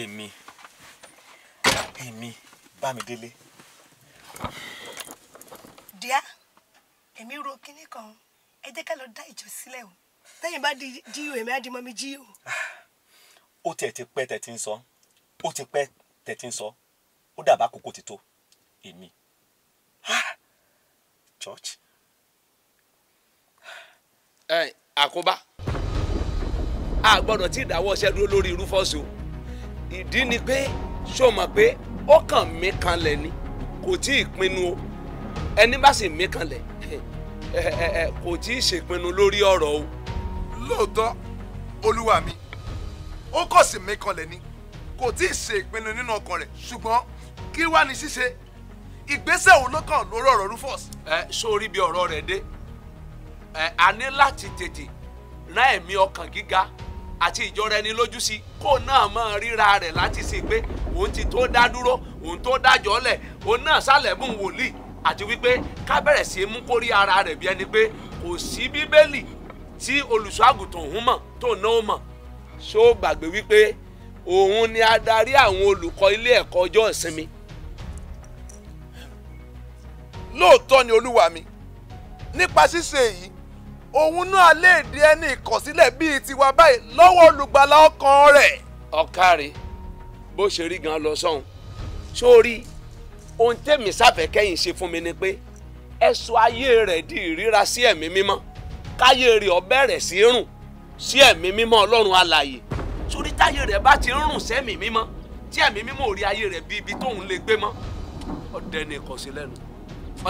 èmi èmi Bámidélé. díà èmi ro kinní kan ẹ jẹ́ ká lọ dá ìjọ sílẹ̀ o tẹ́yìn bá di o èmi á di mọ́ mi jí o. Ah, ó tiẹ̀ ti pẹ́ tẹ̀tí ń sọ ó ti pẹ́ tẹ̀tí ń sọ ó dàbá kókó ti tó èmi ah, church. ẹ àkóbá a gbọ́dọ̀ tí ìdáwọ́ ṣẹ́ dúró lórí irú ìdí ni pé ṣé o mọ̀ pé ó kàn mí kanlẹ̀ ni kò tí ì pinnu o ẹni bá sì mí kanlẹ̀ kò tí ì ṣèpinnu lórí ọ̀rọ̀ o. lóòótọ́ olúwa mi ó kọ̀ sí mí kanlẹ̀ ni kò tí ì ṣe ìpinnu nínú ọkàn rẹ̀ ṣùgbọ́n kí wàá ní ṣíṣe ìgbésẹ̀ wo ló kàn lórí ọ̀rọ̀ Rufus. ẹ sórí bí ọ̀rọ̀ rẹ̀ dé a ní láti tètè rán ẹ̀mí ọkàn gíga àti ìjọra ẹni lójú sí kó náà máa ríra rẹ̀ láti sí pé òun ti tó dá dúró òun tó dájọ́ lẹ̀ òun náà sálẹ̀bùn wòlíì àti wípé ká bẹ̀rẹ̀ sí mú kórí ara rẹ̀ bí ẹni pé kò sí bíbélì tí olùṣọ́ àgùntàn òun mọ̀ tó ná ó ṣó gbàgbé wípé òun ni adarí àwọn olùkọ́ ilé ẹ̀kọ́ ọjọ́ ìsinmi lóòótọ́ ni olúwa mi nípa ṣíṣe èyí òun náà lè di ẹni ìkọ̀sílẹ̀ bíi tiwa báyìí lọ́wọ́ olùgbàlà ọkàn rẹ̀. ọ̀kàrẹ̀ bó ṣe rí gan lọ sọ́hun sórí ohun tẹ̀mí sáfẹ́ kẹ́yìn ṣe fún mi ni pé ẹ sọ ayé rẹ̀ di ìríra sí ẹ̀mí mímọ́ káyé rẹ̀ ó bẹ̀rẹ̀ sí rùn sí ẹ̀mí mímọ́ ọlọ́run alààyè sórí táyé rẹ̀ bá ti rùn sẹ́mi mímọ́ tí ẹ̀mí mímọ́ ò rí ayé rẹ̀ bí ibi tóun lè gbé mọ́ ọ̀dẹ̀ ìkọ̀sílẹ̀ nu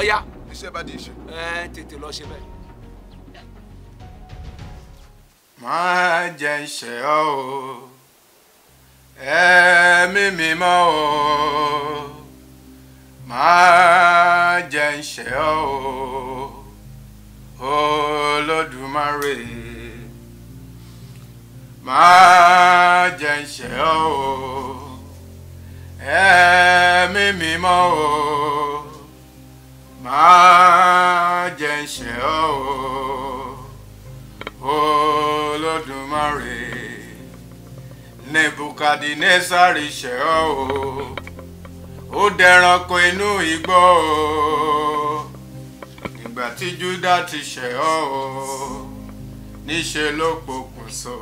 ọ̀ya. iṣẹ́ bá di iṣẹ́. ẹ tètè lọ ṣe bẹ́ẹ̀. Ma jẹ́ ṣẹ̀ ọ́ o mi mímọ́ o Ma jẹ́ ṣẹ̀ ọ́ o olódùmarè Ma jẹ́ ṣẹ̀ ọ́ o mi mímọ́ o Ma jẹ́ ṣẹ̀ o olódùmarè nebukadnesari ṣe ọ́ o ó dẹranko inú igbó o ìgbà tí juda ti ṣe ọ́ o níṣe ló pokùnso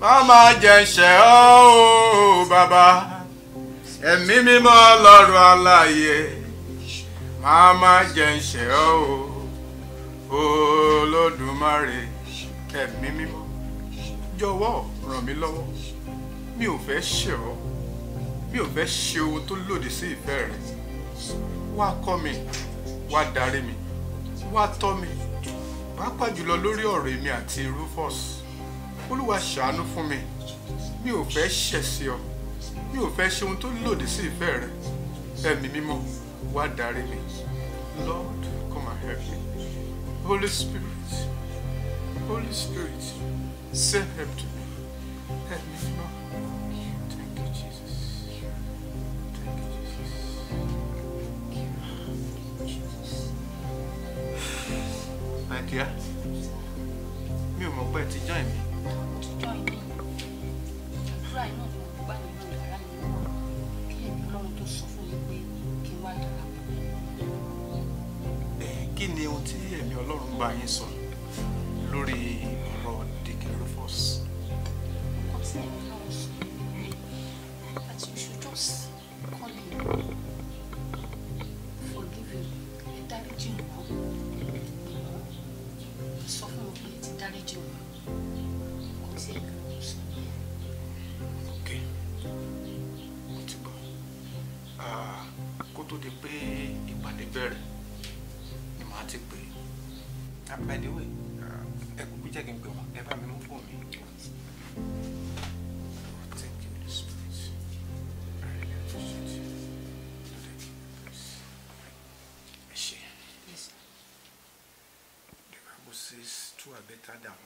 má máa jẹ ṣe ọ́ o bàbá ẹ̀mí mímọ́ ọlọ́run aláàyè má máa jẹ ṣe ọ́ o olódùmarè ẹ̀mí mímọ́ jọ̀wọ́ ràn mí lọ́wọ́ mi ò fẹ́ ṣe ọ́ mi ò fẹ́ ṣe ohun tó lòdì sí ìfẹ́ rẹ wá kọ́ mi wá darí mi wá tọ́ mi pàápàá jùlọ lórí ọ̀rọ̀ èmi àti Rufus olúwa ṣàánú fún mi mi ò fẹ́ ṣẹ̀ sí ọ mi ò fẹ́ ṣe ohun tó lòdì sí ìfẹ́ rẹ ẹ̀mí mímọ́ wá darí mi Lord come and help me Holy Spirit Holy Spirit, send help to me. Help me to know. Thank you, Jesus. Thank you, Jesus. My dear, mi ò mọ̀ pé ti join mi. Ti join mi. Àdúrà iná ni mo gbà nínú yàrá mi wọ̀. Kí èmi lọ́run tó sọ fún yín pé kí n wá darapọ̀. Kí ni ohun tí ẹ̀mí Ọlọ́run bá yín sọ? lórí ọ̀rọ̀ Nìkẹ́ Adam.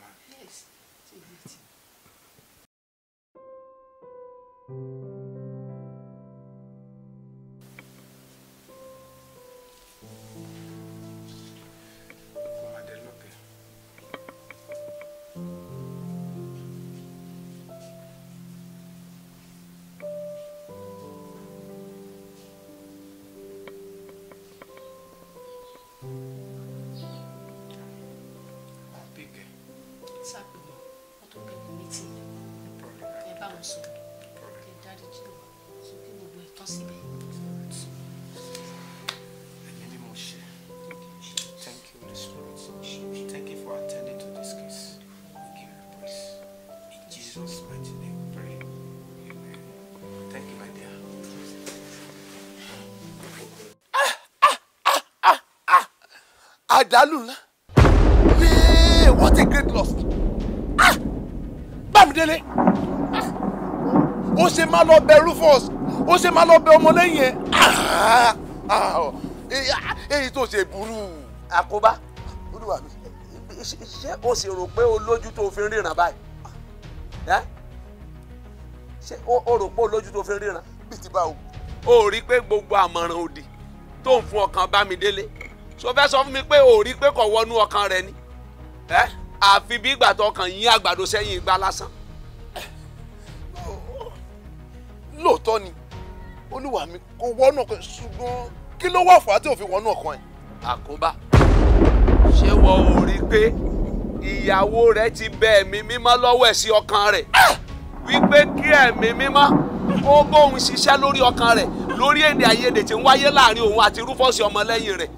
sọ kí thank you holy spirit thank you for attending to this case what a great loss ah Bámidélé ó ṣe máa lọ bẹ Rufus ó ṣe máa lọ bẹ ọmọlẹ́yìn ẹ̀ èyí tó ṣe burú. àkóbá olúwa mi ṣé o sì rò pé o lójú tó fi ríran báyìí ṣé o rò pé o lójú tó fi ríran. bí ti bá o. o rí pé gbogbo àmọ̀ràn òdì tó ń fún ọkàn Bámidélé so fẹ́ sọ fún mi pé o rí i pé kò wọnú ọkàn rẹ ni àfi bí ìgbà tó kàn yín àgbàdo sẹ́yìn igbá lásán. lóòótọ́ ni olúwa mi kò wọnú ọkàn ṣùgbọ́n kí ló wà fà á tí ò fi wọnú ọkàn ẹ̀. àkóbá ṣé wọ́n ò rí i pé ìyàwó rẹ ti bẹ ẹ̀mí mímọ́ lọ́wọ́ ẹ̀ sí ọkàn rẹ̀ wípé kí ẹ̀mí mímọ́ ó bóun ṣiṣẹ́ lórí ọkàn rẹ̀ lórí èdè àìyedè tí ń wáyé láàrin òun àti rúfọ́ọ̀sì ọmọlẹ́yìn rẹ̀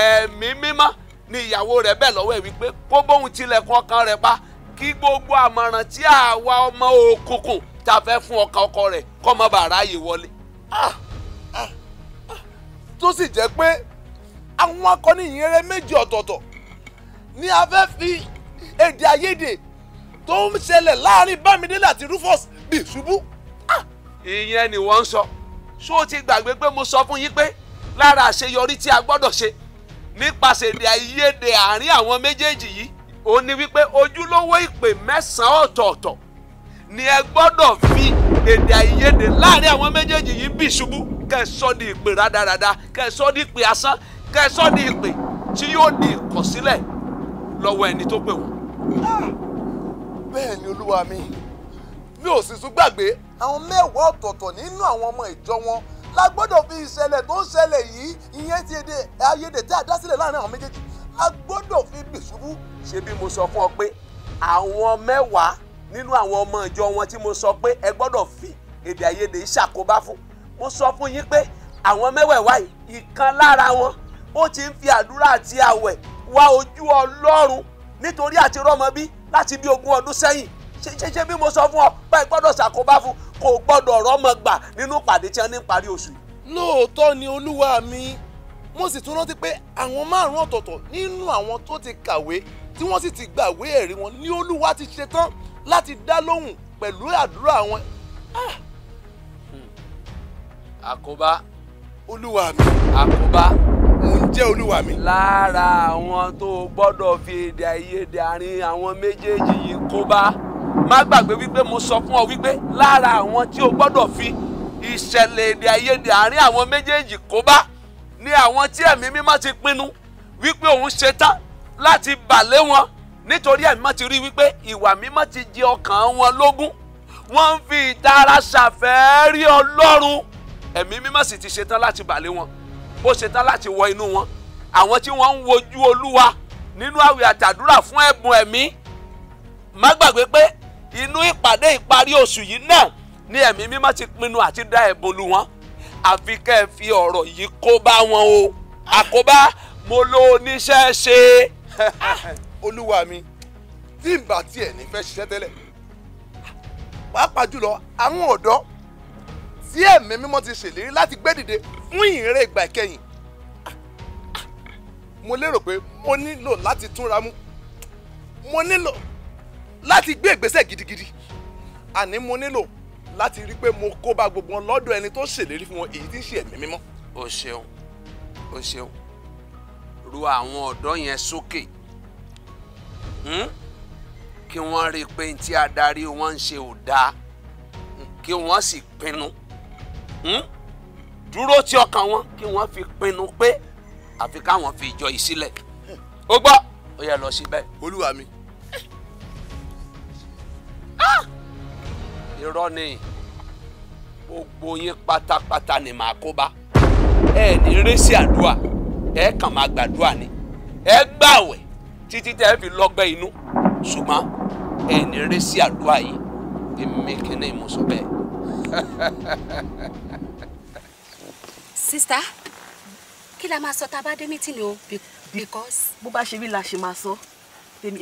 ẹ̀mí mímọ́ ni ìyàwó rẹ̀ bẹ̀ lọ́wọ́ ẹ̀ wípé kó bóun tilẹ̀kùn ọkàn rẹ̀ pa kí gbogbo àmọ̀ràn tí àwa ọmọ òkùnkùn tá a fẹ́ fún ọkàn ọkọ rẹ̀ kọ́ mọ́ bàa ráàyè wọlé ah, ah, ah. tó sì jẹ́ pé àwọn akọni ìyìnrere méjì ọ̀tọ̀ọ̀tọ̀ ni a fẹ́ fi èdè àìyedè tó ń ṣẹlẹ̀ láàrin Bámidélé àti Rufus dì ṣubú. ìyẹn ni wọ́n ń sọ ṣó o ti gbàgbé pé mo sọ fún yín pé lára àṣeyọrí tí a gbọ́dọ̀ ṣe nípasẹ̀ èdè àìyedè àárín àwọn méjèèjì yìí ó ní wípé ojúlówó ìpè mẹ́sàn-án ọ̀tọ̀ọ̀tọ̀ ni ẹ gbọ́dọ̀ fi èdè àìyedè láàrin àwọn méjèèjì yìí bì ṣubú kẹ́ ẹ sọ di ìpè rádaràda kẹ́ ẹ di ìpè asán kẹ́ ẹ sọ di ìpè tí yóò di ìkọ̀sílẹ̀ lọ́wọ́ ẹni tó pè wọ́n. Ah! bẹ́ẹ̀ ni olúwa mi mi ò sì tún gbàgbé àwọn mẹ́wàá ọ̀tọ̀ọ̀tọ̀ nínú àwọn ọmọ ìjọ wọn la gbọ́dọ̀ fi ìṣẹ̀lẹ̀ tó ń ṣẹlẹ̀ yìí ìyẹn ti èdè àìyedè tí a dá sílẹ̀ láàrin àwọn méjèèjì a gbọ́dọ̀ fi bì ṣubú ṣebí mo sọ fún ọ pé àwọn mẹ́wàá nínú àwọn ọmọ ìjọ wọn tí mo sọ pé ẹ gbọ́dọ̀ fi èdè àìyedè ṣàkóbá fún mo sọ fún yín pé àwọn mẹ́wẹ̀ẹ̀wá yìí ìkan lára wọn ó ti ń fi àdúrà àti àwẹ̀ wá ojú ọlọ́run nítorí àti rọ́mọ bí láti bí ogún ọdún sẹ́yìn ṣe ṣe ṣe bí mo sọ fún ọ pé ẹ gbọ́dọ̀ ṣàkóbá fún kò gbọ́dọ̀ rọ́mọ gbà nínú pàdé tí wọ́n ní parí oṣù yìí. lóòótọ́ ni olúwa mi mo sì tún rántí pé àwọn márùn-ún ọ̀tọ̀ọ̀tọ̀ nínú àwọn tó ti kàwé tí wọ́n sì ti gbàwé ẹ̀rí wọn ni olúwa ti ṣetán láti dá lóhùn pẹ̀lú àdúrà wọn. Ah! àkóbá. olúwa mi. àkóbá. mo ń jẹ́ olúwa mi. lára àwọn tó gbọ́dọ̀ fi èdè àìyedè àárín àwọn méjèèjì yìí kóbá má gbàgbé wípé mo sọ fún ọ wípé lára àwọn tí o gbọ́dọ̀ fi ìṣẹ̀lẹ̀ èdè àìyedè àárín àwọn méjèèjì kóbá ni àwọn tí ẹ̀mí mímọ́ ti pinnu wípé òun ṣetán láti bà lé wọn nítorí ẹ̀mí mímọ́ ti rí wípé ìwà mímọ́ ti di ọkàn wọn lógún wọ́n ń fi ìtara ṣàfẹ́rí ọlọ́run ẹ̀mí mímọ́ sì ti ṣetán láti bà lé wọn ó ṣetán láti wọ inú wọn àwọn tí wọ́n ń wojú olúwa nínú àwẹ̀ àtàdúrà fún ẹ̀bùn ẹ̀mí má gbàgbé pé inú ìpàdé ìparí oṣù yìí náà ni ẹ̀mí mímọ́ ti pinnu àti dá ẹ̀bùn lu wọn àfi kẹ́ ẹ fi ọ̀rọ̀ yìí kó bá wọn o àkóbá mo lo oníṣẹ́ ṣe. olúwa mi tí n bá tiẹ̀ ní fẹ́ ṣiṣẹ́ tẹ́lẹ̀ pàápàá jùlọ àwọn ọ̀dọ́ tí ẹ̀mí mímọ́ ti ṣèlérí láti gbé dìde fún ìhìnrere ìgbà ìkẹyìn mo lérò pé mo nílò láti túnra mú mo nílò láti gbé ìgbésẹ̀ gidigidi àní mo nílò láti rí i pé mo kó bá gbogbo wọn lọ́dọ̀ ẹni tó ṣèlérí fún wọn èyí tí ń ṣe ẹ̀mí mímọ́. o ṣeun o ṣeun ru àwọn ọ̀dọ́ yẹn sókè. So Hmm? kí wọ́n rí i pé tí adarí wọn ń ṣe ò dáa kí wọ́n sì pinnu hmm? dúró tí ọkàn wọn kí wọ́n fi pinnu pé àfi káwọn fi ìjọ yìí sílẹ̀ ó gbọ́ ó yẹ lọ síbẹ̀. olúwa mi. Ah! irọ́ ni gbogbo yín pátápátá ni màá kó bá ẹ ní rẹ́sì àdúrà ẹ kàn máa gbàdúrà ni ẹ gbàwẹ̀ títí tẹ́ ẹ fi lọ́gbẹ́ inú ṣùgbọ́n ẹni rẹ sí àdúrà yìí èmi kìíní mo sọ bẹ́ẹ̀. sista kí la máa sọ tá a bá dé mítìnì o because. bó bá ṣe rí la ṣe máa sọ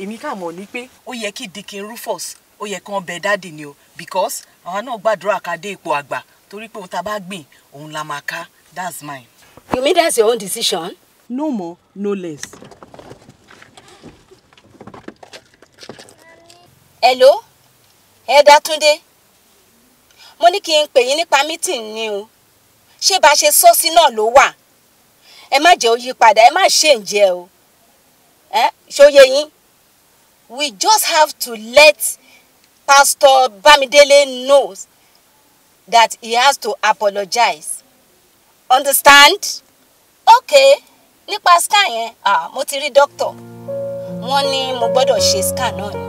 èmi kà mọ̀ ní pé ó yẹ kí Dikin Rufus ó yẹ kí wọ́n bẹ dáàdì ni o because àwa náà gbàdúrà ká dé ipò àgbà torí pé òun tá bá gbìn òun la máa ká that's mine. you mean that's your own decision. no more no less. hello ẹ̀dá túndé mo ní kí n pè yín nípa mítìn ni o ṣé bá a ṣe sọ́ọ̀sì náà ló wà ẹ má jẹ́ ó yí padà ẹ má ṣe ń jẹ o ẹ ṣóye yín we just have to let pastor bamidele know that he has to apologize understand okay nípa scan yẹn ah mo ti rí doctor wọ́n ní mo gbọ́dọ̀ ṣe scan náà ni.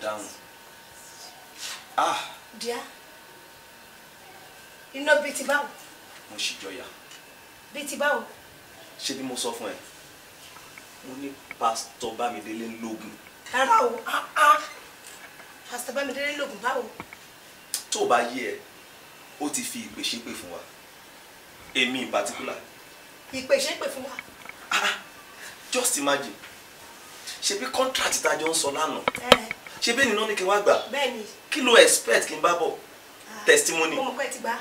down. Ah. dear, you know Betty báwo? Mo ṣì jọyà. Bíi ti báwo? Ṣé bí mo sọ fún ẹ? Mo ní pásítọ̀ Bámidélé ń lógun. Rárá o, ah, ah. pásítọ̀ Bámidélé ń lógun báwo? Tó o bá yé ẹ, ó ti fi ìpè ṣépè fún wa. Èmi in particular. Ìpè ṣépè fún wa. Ah, Just imagine ṣebí contract tá a jọ ń sọ ṣé bẹ́ẹ̀ ni náà ní kí n wá gbà kí ló expect kí n bá bọ̀ ah, testimony ìgbà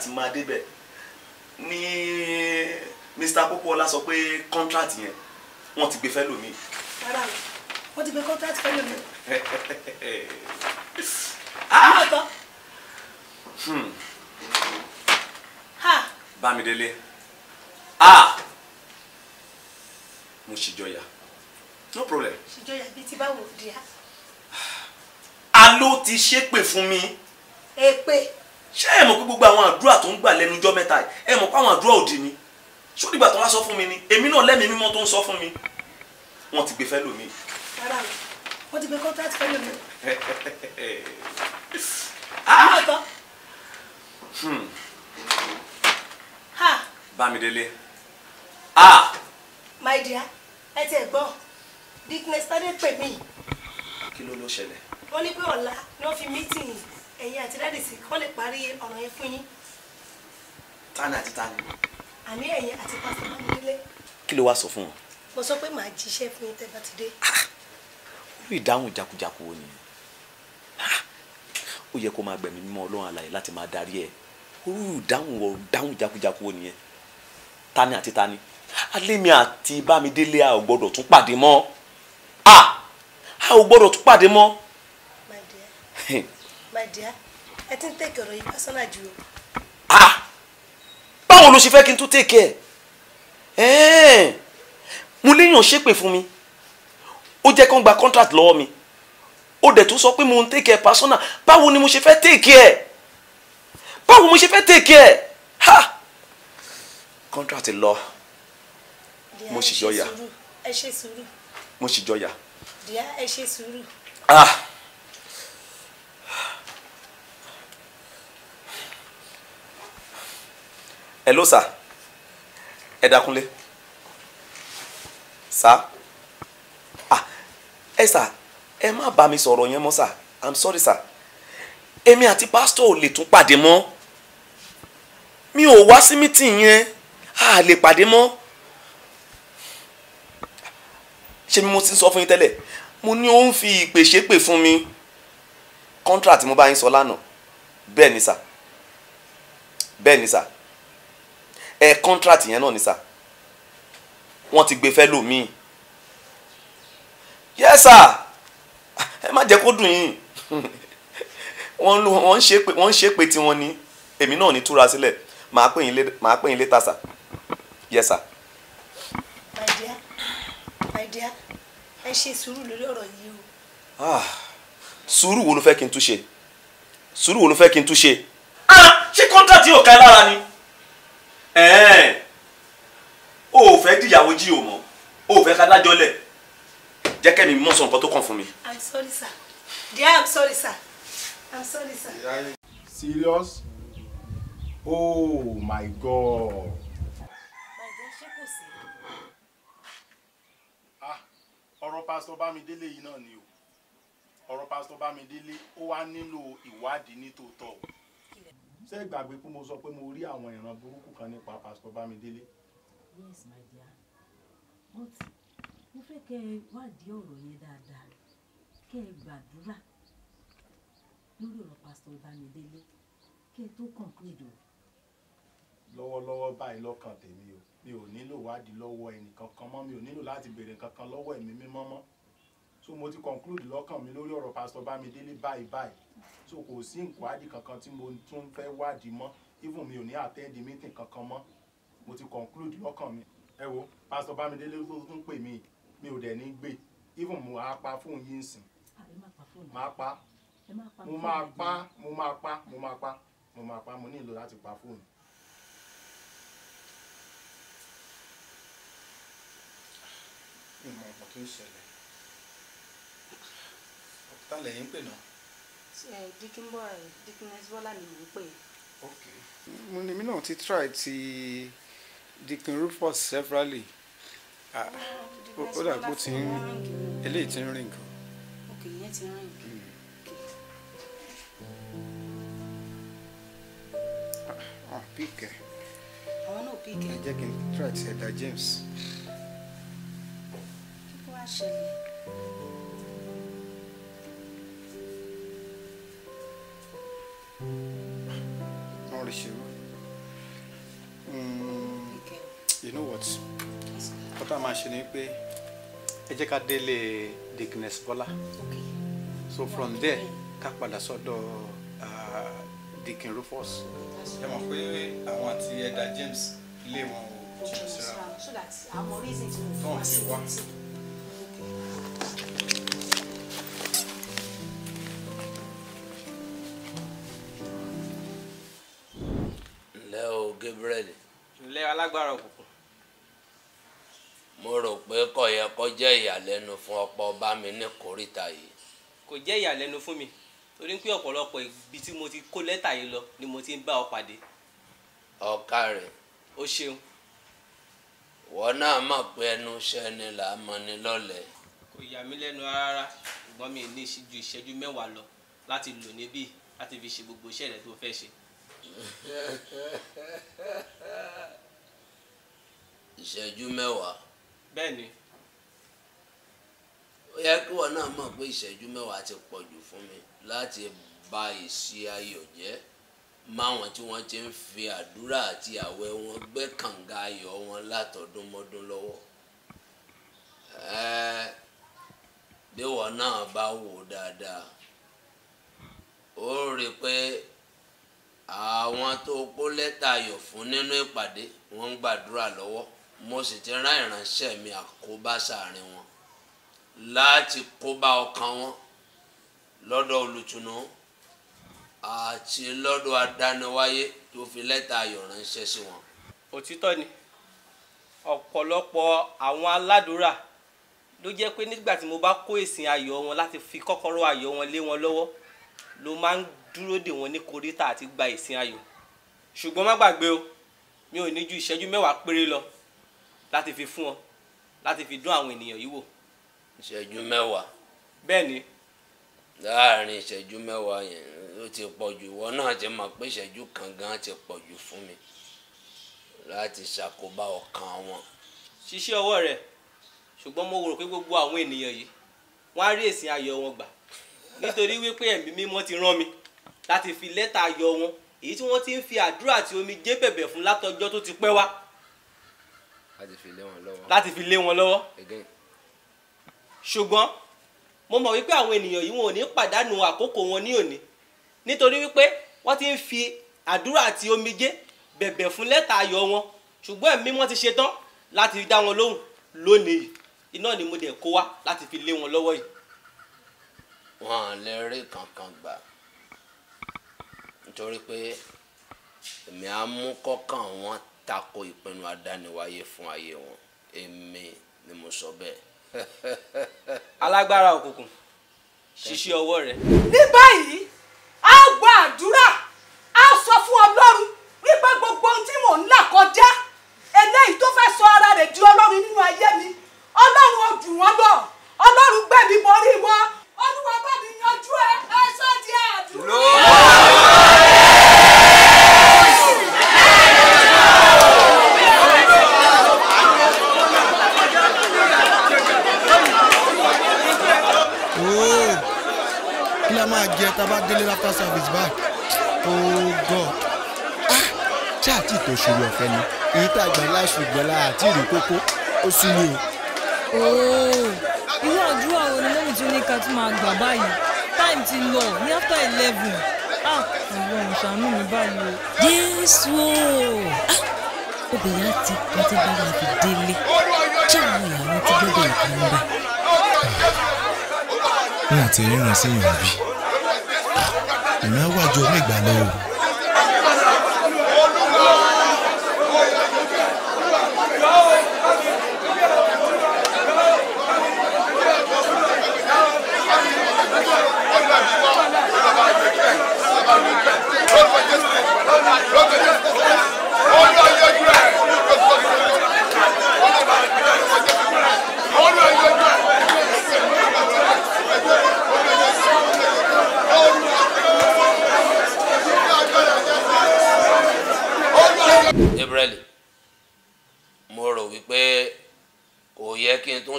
tí máa débẹ̀ ní Mr. Popoola sọ pé contract yẹn wọ́n ti gbé fẹ́ lómi. wọ́n ti gbé contract fẹ́ lómi. Ah! Hmm. Bámidélé ah! mo ṣèjọyà no problem. ṣùjọ́ yàgbé tí bá wò di á. alo ti ṣépè fún mi. èpè. ṣé ẹ mọ̀ pé gbogbo àwọn àdúrà tó ń gbà lẹ́nu ọjọ́ mẹ́ta yìí ẹ mọ̀ pé àwọn àdúrà òdì ni ṣó nígbà tó wá sọ fún mi ni èmi náà lẹ́mìí mímọ́ tó ń sọ fún mi wọ́n ti gbé fẹ́ lómi. rárá o wọ́n ti gbé contract fẹ́ lómi. Ah! Hmm. Bámidélé. Ah! My dear, ẹ ti ẹ̀ gbọ́. Dickness Tade pè mí. Kí ló ló ṣẹlẹ̀? Wọ́n ní pé ọ̀la ni wọ́n fi mítìnì ẹ̀yin àti dáàdì sí kí wọ́n lè parí ọ̀rọ̀ yẹn fún yín. Tani àti Tani. Àní ẹ̀yin àti Pásítọ̀ Mámúdélé. Kí ló wá sọ fún wọn? Mo sọ pé màá jíṣẹ́ fún yín tẹ́ bá ti dé. Olú ah, ìdáhùn jakujaku wo ni? Ah, ó yẹ kó máa gbẹ̀mí mímọ́ Ọlọ́run àlàyé láti máa darí ẹ̀. Olú ìdáhùn wọ̀ ìdáhùn jakujaku wo nìyẹn? Tani àti Tani. Alémi àti Bámidélé a ò gbọdọ̀ tún pàdé mọ́. Ah, a ò gbọ́dọ̀ tún pàdé mọ́. my dear my dear ẹ ti ń tẹ̀kẹ̀ ọ̀rọ̀ yìí pásánà jù o. Ah, a báwo ló ṣe fẹ́ kí n tún tẹ̀kẹ̀ ẹ̀ mo léèyàn ṣépè fún mi ó jẹ́ kó ń gba contract lọ́wọ́ mi ó dẹ̀ tún sọ pé mo ń tẹ̀kẹ̀ pásánà báwo ni mo ṣe fẹ́ tẹ̀kẹ̀ ẹ̀ báwo mo ṣe fẹ́ tẹ̀kẹ̀ ẹ̀ ha contract lọ mo sì yọ ya. ẹ ṣe sùúrù ẹ ṣe sùúrù mo sì jọyà. díà ẹ ṣe sùúrù. ẹ ló sà ẹ dákúnlé sà ah, ẹ sà ẹ má bá mi sọ̀rọ̀ yẹn mọ́ sà i'm sorry sà èmi àti pásítọ̀ ò lè tún pàdé mọ́ mi ò wá sí mítìn yẹn a lè pàdé mọ́ ṣé mo ti sọ fún yín tẹ́lẹ̀ mo ní ó ń fi ìpè ṣépè fún mi contract mo bá yín sọ lánàá bẹ́ẹ̀ ni sà bẹ́ẹ̀ ni sà ẹ contract yẹn náà ni sà wọ́n ti gbé fẹ́ lòmíì yes sà ẹ má jẹ́ kó dùn yín wọ́n ń wọ́n ń ṣépè wọ́n ń ṣépè tí wọ́n ní èmi náà ní túra sílẹ̀ màá pè yín màá pè yín later sà yes sà. my dear my dear ẹ ṣe sùúrù lórí ọ̀rọ̀ yìí o. Ah, sùúrù wo ló fẹ́ kí n tún ṣe sùúrù wo ló fẹ́ kí n tún ṣe. ṣé kọ́ńtàtì ò ká lára ni o ò fẹ́ dìyàwó jí o mọ́ o ò fẹ́ ká dájọ́ lẹ̀ jẹ́ kẹ́mi mọ̀ sọ tó kàn fún mi. i'm sorry sir dear i'm sorry sir i'm sorry sir. serious oh my god. pásítọ̀ bámidélé yìí náà ni o ọ̀rọ̀ pásítọ̀ bámidélé ó wá nílò ìwádìí nítòótọ́ o ṣé ìgbàgbé pé mo sọ pé mo rí àwọn ìran burúkú kan nípa pásítọ̀ bámidélé. yes my dear but mo fẹ́ kẹ́ ẹ wádìí ọ̀rọ̀ yẹn dáadáa kẹ́ ẹ gbàdúrà lórí ọ̀rọ̀ pásítọ̀ bámidélé kẹ́ ẹ tó conclude o lọ́wọ́lọ́wọ́ báyìí lọ́kàn tèmi o mi ò nílò wádìí lọ́wọ́ ẹnìkankan mọ́ mi ò nílò láti béèrè nǹkankan lọ́wọ́ ẹ̀mí mímọ́ mọ́ so mo ti conclude lọ́kàn mi lórí ọ̀rọ̀ pásítọ̀ Bámidélé báyìí báyìí so kò sí ìwádìí kankan tí mo tún fẹ́ wádìí mọ́ even mi ò ní attend meeting kankan mọ́ mo ti conclude lọ́kàn mi ẹ wo pásítọ̀ Bámidélé tó tún pè mí mi ò dẹ̀ ní gbé even mo á pa fóun yín sìn máa pa mo máa pa mo máa pa mo máa pa mo máa pa mo ní ìlò láti pa fóònù ìmọ̀ ọ̀pọ̀ tó ṣẹlẹ̀ ta lẹ́yìn ń pè náà. dikinbọ̀ dikines bọ́lá ni mò ń pè. mo ní mi náà ti try ti dikin rufus severally ó dàgbò tí ń eléyìí ti ń rìn kan. ok ìyẹn ti ń rìn kan. àwọn píkẹ́. àwọn náà píkẹ́. to jẹ́ kí n try James. Mm ṣẹlẹ̀. wọ́n rí you know what wọ́n tá a máa ṣe ni pé ẹ jẹ́ ká délé dignes bọ́lá so from there ká padà sọ́dọ̀ dikin rufus ẹ mọ̀ pé àwọn àti ẹ̀dà james lé wọn ò jìnnà síra. so that àwọn reason gé búrẹ́dì. ìlẹ́ alágbára òkùnkùn. mo rò pé kò yẹ kó jẹ́ ìyàlẹ́nu fún ọ̀pọ̀ ọba mi ní kòríta yìí. kò jẹ́ ìyàlẹ́nu fún mi torí pé ọ̀pọ̀lọpọ̀ ibi tí mo ti kó lẹ́tà yìí lọ ni mo ti ń bá ọ pàdé. ọ̀ka rẹ̀. o ṣeun. wọ́n náà mọ̀ pé ẹnu iṣẹ́ ni là á mọ ni lọ́lẹ̀. kò yà mí lẹ́nu rárá ṣùgbọ́n mi ní ju ìṣẹ́jú mẹ́wàá lọ láti lò níbí láti fi ṣe gbogbo iṣẹ́ rẹ̀ tó fẹ́ ṣe ìṣẹ́jú mẹ́wàá. bẹ́ẹ̀ni. ó yẹ kí wọn náà mọ̀ pé ìṣẹ́jú mẹ́wàá ti pọ̀ jù fún mi láti bà ìṣe ayọ̀ jẹ́ máwọn tí wọ́n ti ń fi àdúrà àti àwẹ̀ wọn gbẹ́ kànga ayọ̀ wọn látọdúnmọ́dún lọ́wọ́. bí wọn náà bá wò dáadáa ó rí i pé àwọn tó kó lẹ́tà ayọ̀ fún nínú ìpàdé wọ́n ń gbàdúrà lọ́wọ́ mo sì ti rán ìránṣẹ́ mi àkóbá sàárín wọn láti kóbá ọkàn wọn lọ́dọ̀ olùtùnú àti lọ́dọ̀ adániwáyé tó fi lẹ́tà ayọ̀ ránṣẹ́ sí wọn. òtítọ́ ni ọ̀pọ̀lọpọ̀ àwọn aládùúrà ló jẹ́ pé nígbà tí mo bá kó ìsìn ayọ̀ wọn láti fi kọ́kọ́rọ́ ayọ̀ wọn lé wọn lọ́wọ́ ló máa ń dúró dè wọ́n ní koríta àti gba ìsìn ayọ̀ ṣùgbọ́n má gbàgbé o mi ò ní ju ìṣẹ́jú mẹ́wàá péré lọ láti fi fún ọ láti fi dún àwọn ènìyàn yìí wò. ìṣẹ́jú mẹ́wàá. bẹ́ẹ̀ ni. láàárín ìṣẹ́jú mẹ́wàá yẹn ló ti pọ̀ jù ìwọ náà ti mọ̀ pé ìṣẹ́jú kan gan ti pọ̀ jù fún mi láti ṣàkóbá ọkàn wọn. ṣiṣẹ́ ọwọ́ rẹ̀ ṣùgbọ́n mo rò pé gbogbo àwọn ènìyàn yìí wọ́n á rí èsì ayọ̀ wọn gbà nítorí wípé ẹ̀mí mímọ́ ti rán mi láti fi lẹ́tà yọ wọn èyí tí wọ́n ti ń fi àdúrà àti omijé bẹ̀bẹ̀ fún látọjọ́ tó ti pẹ́ wá. láti fi lé wọn lọ́wọ́. láti fi lé wọn lọ́wọ́. ṣùgbọ́n mo mọ̀ wípé àwọn ènìyàn yìí wọn ò ní pàdánù àkókò wọn ní òní nítorí wípé wọ́n ti ń fi àdúrà àti omijé bẹ̀bẹ̀ fún lẹ́tà ayọ̀ wọn ṣùgbọ́n ẹ̀mí wọn ti ṣetán láti dá wọn lóhùn lónìí iná ni mo dẹ̀ kó wá láti fi lé wọn lọ́wọ́ yìí. wọn ò lè rí kankan gbà nítorí pé èmi á mú kọ́kàn wọn tako ìpinnu adániwáyé fún ayé wọn èmi ni mo sọ bẹ́ẹ̀. alágbára òkùnkùn ṣíṣí ọwọ́ rẹ. ní báyìí ṣùgbọ́n la àti ìrù kókó ó sú mi o. ooo irú àdúrà wo ni mọ́mí tún ní tún máa gbà báyìí time ti lọ ní after eleven ah ìwọ ìṣàánú mi báyìí o. jésù o ah, obìnrin á ti pátí báyìí fi délé ṣé àwọn ìyàwó ti gbọ́dọ̀ ìkan bá. ní àtẹ̀yìn rẹ̀ sí ìrìn àbí ìrìn àwájọ mẹ́gbàá lọ́wọ́.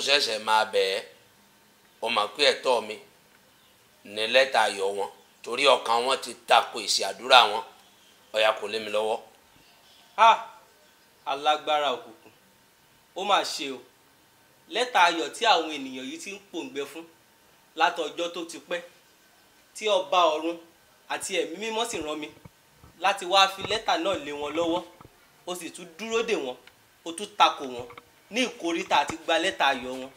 ṣẹ̀ṣẹ̀ máa bẹ̀ ẹ́ o mà pé ẹ̀tọ́ mi ní lẹ́tà ayọ̀ wọn torí ọkàn wọn ti tako èsì àdúrà wọn ọ̀yà kò lé mi lọ́wọ́. a alágbára òkùnkùn ó mà ṣe o lẹ́tà ayọ̀ tí àwọn ènìyàn yìí ti ń pòǹgbẹ fún látọjọ́ tó ti pẹ́ tí ọba ọ̀run àti ẹ̀mí mímọ́ sì rán mi láti wáá fi lẹ́tà náà lé wọn lọ́wọ́ ó sì tún dúró dè wọ́n ó tún tako wọn ní ìkórìtà àti gba lẹ́tà ayọ̀ wọn.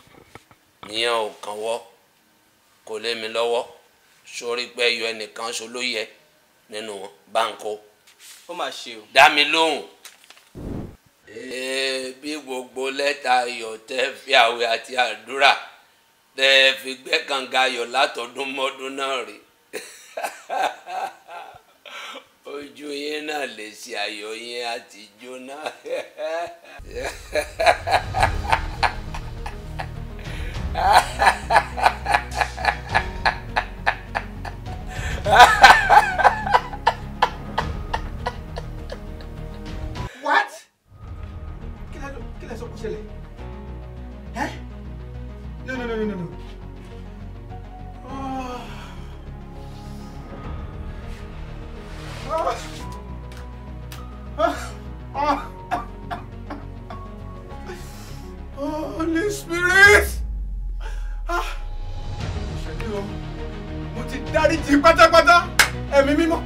ìyẹn ò kàn wọ́ kò lé mi lọ́wọ́ sórí pé ẹyọ ẹnìkan ṣo ló yẹ nínú báńkò. ó mà ṣe o. dá mi lóhùn. bí gbogbo lẹ́tà ayọ̀ tẹ́ fi àwẹ̀ àti àdúrà tẹ́ fi gbẹ́kànga ayọ̀ látọdún náà rèé. ojú yín náà lè ṣe ayọ̀ yín àti jóná. ha ha ha ha ha spirit. Ah. mo ti dáríjì pátápátá ẹ̀mí mímọ́.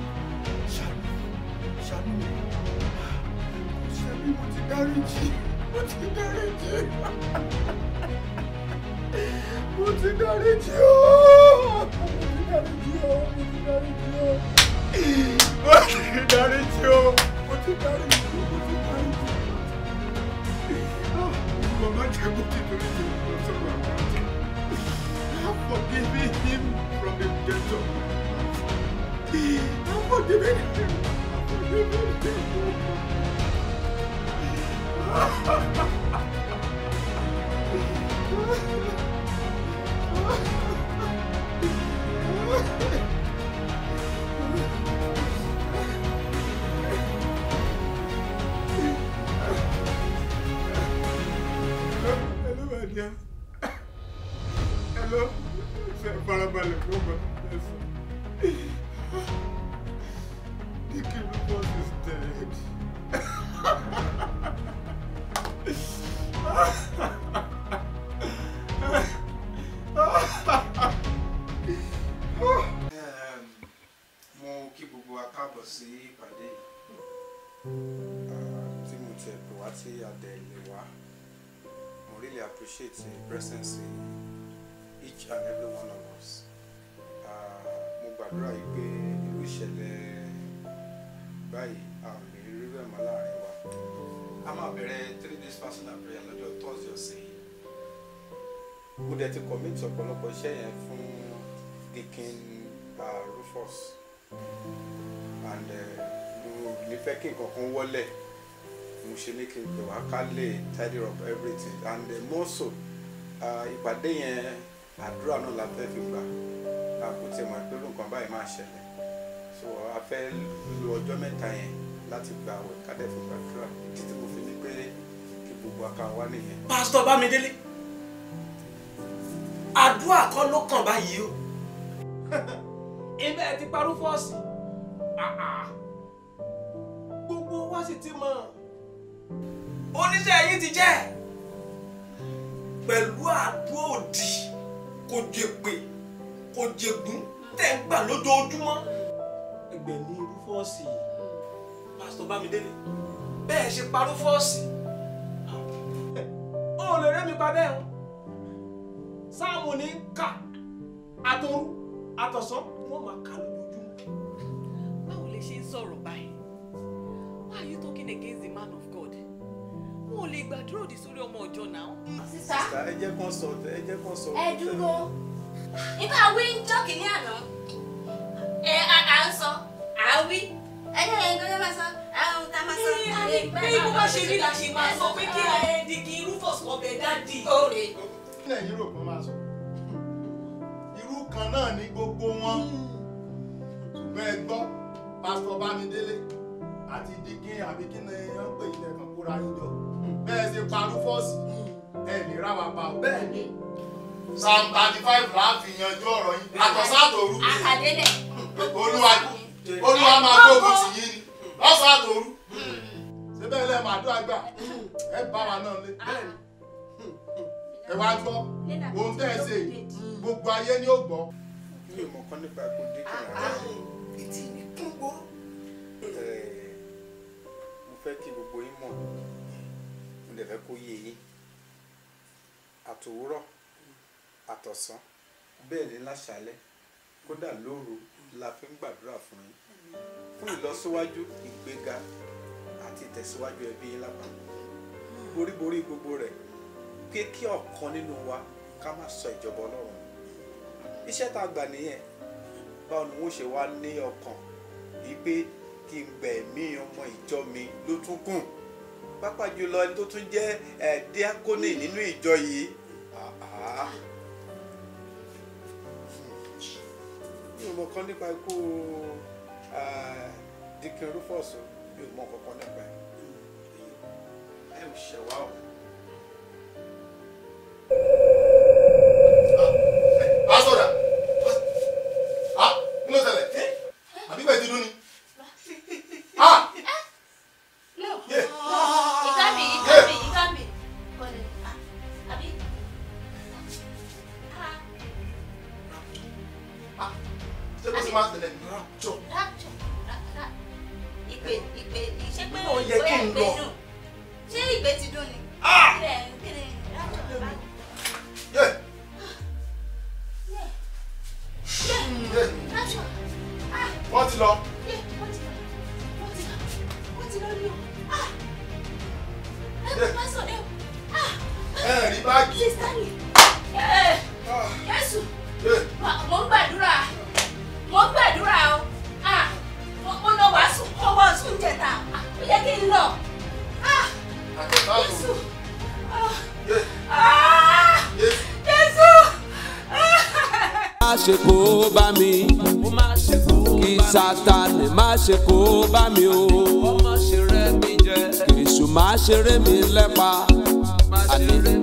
dẹ̀ ti commit ọ̀pọ̀lọpọ̀ iṣẹ́ yẹn fún Dikin Rufus and eh, mo ní fẹ́ kí nǹkan wọlé mo ṣe ní kí n pè wá ká tidy up everything and eh, more so ìpàdé yẹn àdúrà náà la fẹ́ fi gbà kò tiẹ̀ mọ̀ pé nǹkan báyìí máa ṣẹlẹ̀ so a fẹ́ lu ọjọ́ mẹ́ta yẹn láti gba àwẹ̀ ká dẹ̀ gbàdúrà títí mo fi ní pé kí gbogbo àkàwá nìyẹn. pásítọ̀ Bámidélé àdúrà kọ́ ló kàn báyìí o. ibẹ̀ ti parú fọ́ọ̀sì gbogbo wa sì ti mọ̀ oníṣẹ́ yìí ti jẹ́ pẹ̀lú àdúrà òdì kò jèpè kò jègún tẹ̀ ń gbà lójoojúmọ́ ẹgbẹ̀ni irú fọ́ọ̀sì pásítọ̀ bámidélé bẹ́ẹ̀ ṣe parú fọ́ọ̀sì o ò lè rémi padà ẹ̀ o sáàmù ní kà àtòrú àtọ̀sán wọ́n máa kà lójoojúmọ́. báwo lè ṣe ń sọ̀rọ̀ báyìí why are you talking against the man of God wọn ò lè gbàdúrò dì sórí ọmọ ọjọ́ náà. sísá ẹ jẹ́ kàn sọ ẹ jẹ́ kàn sọ. ẹ dúró nígbà wí ń jọ́ kìíní àná ẹ à ń sọ à ń wí ẹjẹ yẹn ló yẹba sọ àwọn tá a máa sọ. pé ikú bá ṣe rí la ṣe máa sọ pé kí ẹ di kí rufus ọbẹ̀ dá di ilẹ̀ Europe máa sọ irú kan náà ní gbogbo wọn ṣùgbọ́n ẹ gbọ́ pásítọ̀ Bámidélé àti dikin àbí kí ni wọ́n pè ilẹ̀ kan kóra yín jọ bẹ́ẹ̀ ṣe parú fọ́ọ̀sì ẹ lè rà wá pa bẹ́ẹ̀ ni psalm thirty five láàfin yanjú ọ̀rọ̀ yín àtọ̀sátòru olúwa máa gbógun tì yín ni lọ́sàtòru síbẹ̀ hmm. lẹ́ẹ̀ máa dúrà gbà ẹ bá wa náà lé. Ah ẹ wá gbọ́ ohun tẹ́ ẹ ṣe gbogbo ayé ni ó gbọ́. kí lè mọ kán nípa ẹkún dínkù rárá. ètí mi kún mo fẹ́ kí gbogbo yín mọ̀ mo dẹ̀ fẹ́ kó yé yín àtòwúrọ̀ àtọ̀sán bẹ́ẹ̀ ni láṣálẹ́ kódà lóru la fi ń gbàdúrà fún yín fún ìlọsíwájú ìgbéga àti ìtẹ̀síwájú ẹbí yín lápapọ̀ boríborí gbogbo rẹ̀ pé kí ọ̀kan nínú wa ká má sọ ìjọba ọlọ́run iṣẹ́ tá a gbà nìyẹn báwo ni wọ́n ṣe wá ní ọkàn yìí pé kí n gbẹ̀mí ọmọ ìjọ mi ló tún gùn pápá jùlọ ẹni tó tún jẹ́ ẹ̀ díákónì nínú ìjọ yìí mi ò mọ kan nípa ikú Dikin Rufus mi ò mọ kankan nípa ẹ̀ ẹ̀ ń ṣẹ̀wá o. àṣeré mi lẹ́pa.